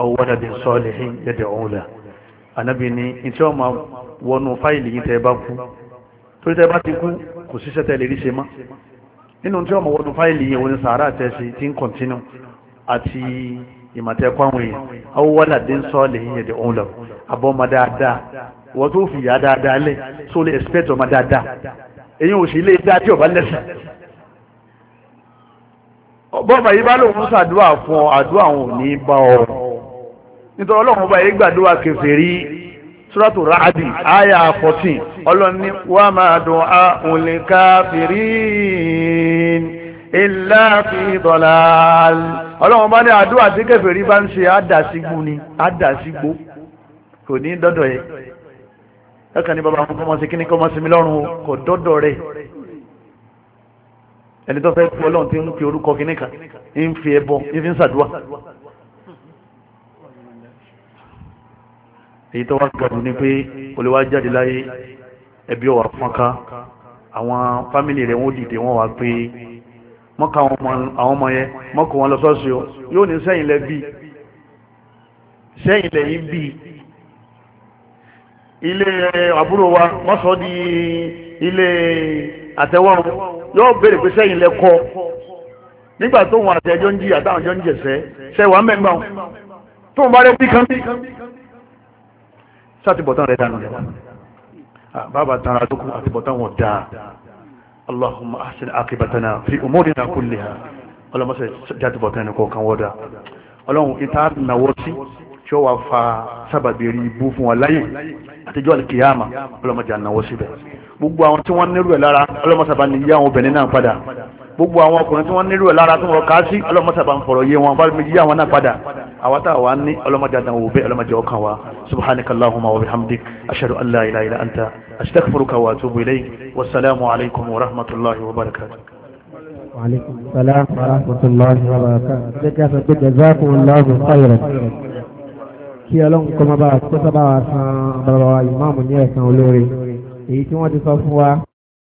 àwọn wàdà bí sọ́ọ̀lì hìn yẹ̀dẹ̀ ọ̀hún la ànábì ni ìtí wọn máa wọnú fáìlì yìí tẹ́ ẹ bá kú torí tẹ́ bá ti kú kò síṣẹ́ tẹ́ lè rí ṣe mọ́ nínú tí wọn máa wọnú fáìlì yìí wọn ni sàárà tẹ́ ṣe ń kọ̀ntínú àti ìmọ̀tẹ́kọ̀ àwọn èèyàn àwọn wàdà bí sọ́ọ̀lì hìn yẹ̀dẹ̀ ọ̀hún la àbọ̀ ọmọ dáadáa wọ́n tó fi ìyá dáadáa lẹ̀ so lè expect ọmọ dáadáa èyí ò sì lè dá tí ọba lẹ́sìn bọ́ọ̀bà yìí bá lòun ṣàdúrà fún ọ àdúrà òun ò ní bá ọ nítorí ọlọ́run ọba yìí gbàdúrà kèfèrí suratu ra'adi aya fourteen ọlọ́run ní wa ma du'a'ul kafirin illa fi dalal ọlọ́run bá ní àdúrà tí kèfèrí bá ń ṣe àdàsígbó ni àdàsígbó kò ní dọ́dọ̀ yẹn ẹ̀kà ní bàbá àwọn ọmọọ̀sẹ̀ kí ní kọ́ máa sinmi lọ́rùn kò dọ́dọ̀ rẹ̀ ẹni tó fẹ́ pọ̀ lọ́n ti ń fi orúkọ kí níkà ń fi ẹbọ ń fi ń sàdúwà èyí tó wá gbàdùn ni pé olùwà jáde láyé ẹbí ọ̀wà fọ́nká àwọn fámìlì rẹ̀ wọ́n dìde wọ́n wá pé mọ́ka àwọn ọmọ yẹn mọ́kò wọn lọ sọ́ọ̀sì yóò ní sẹ́yìn lẹ́bí sẹ́yìn lẹ́yìn bíi ilé àbúrò wa wọ́n sọ di ilé àtẹwọ́ yóò béèrè pé sẹ́yìn lẹ́kọ́ nígbà tó wọn àtẹjọ́ ń jí àtàwọn jọ ń jẹ̀sẹ́ sẹ́wàá mẹ́gbà wọn tó ń bá rẹ bí kan bí sátìbọ̀tán rẹ̀ dànù bàbá tán àdókù àtìbọ̀tán wọn dáa allahumma ahsin aqibatana fi umurina kulliha ọlọ́mọsẹ̀ sátìbọ̀tán ẹni kọ̀ọ̀kan wọ́dà ọlọ́run ìta náwó sí tí ó wà fa sábàbí rí ibú fún wa láyé àtijọ́ àlìkìyàmà ọlọ́mọdé ànáwó síbẹ̀ gbogbo àwọn tí wọ́n nírú ẹ̀ lára ọlọ́mọsàbà ní yí àwọn obìnrin náà padà gbogbo àwọn ọkùnrin tí wọ́n nírú ẹ̀ lára tó ń rọ káásí ọlọ́mọsàbà ń fọ̀rọ̀ yé wọn bá mi yí àwọn náà padà àwa tá a wà ní ọlọ́mọdé ànáwó bẹ́ẹ̀ ọlọ́mọdé ọkàn wa subhanaka allahumma wa bihamdik ashhadu an la ilaha illa kí ọlọ́run kọ́ máa bá wa san bàbá wa ìmáàmù ní ẹ̀san olóore èyí tí wọ́n ti sọ fún wa.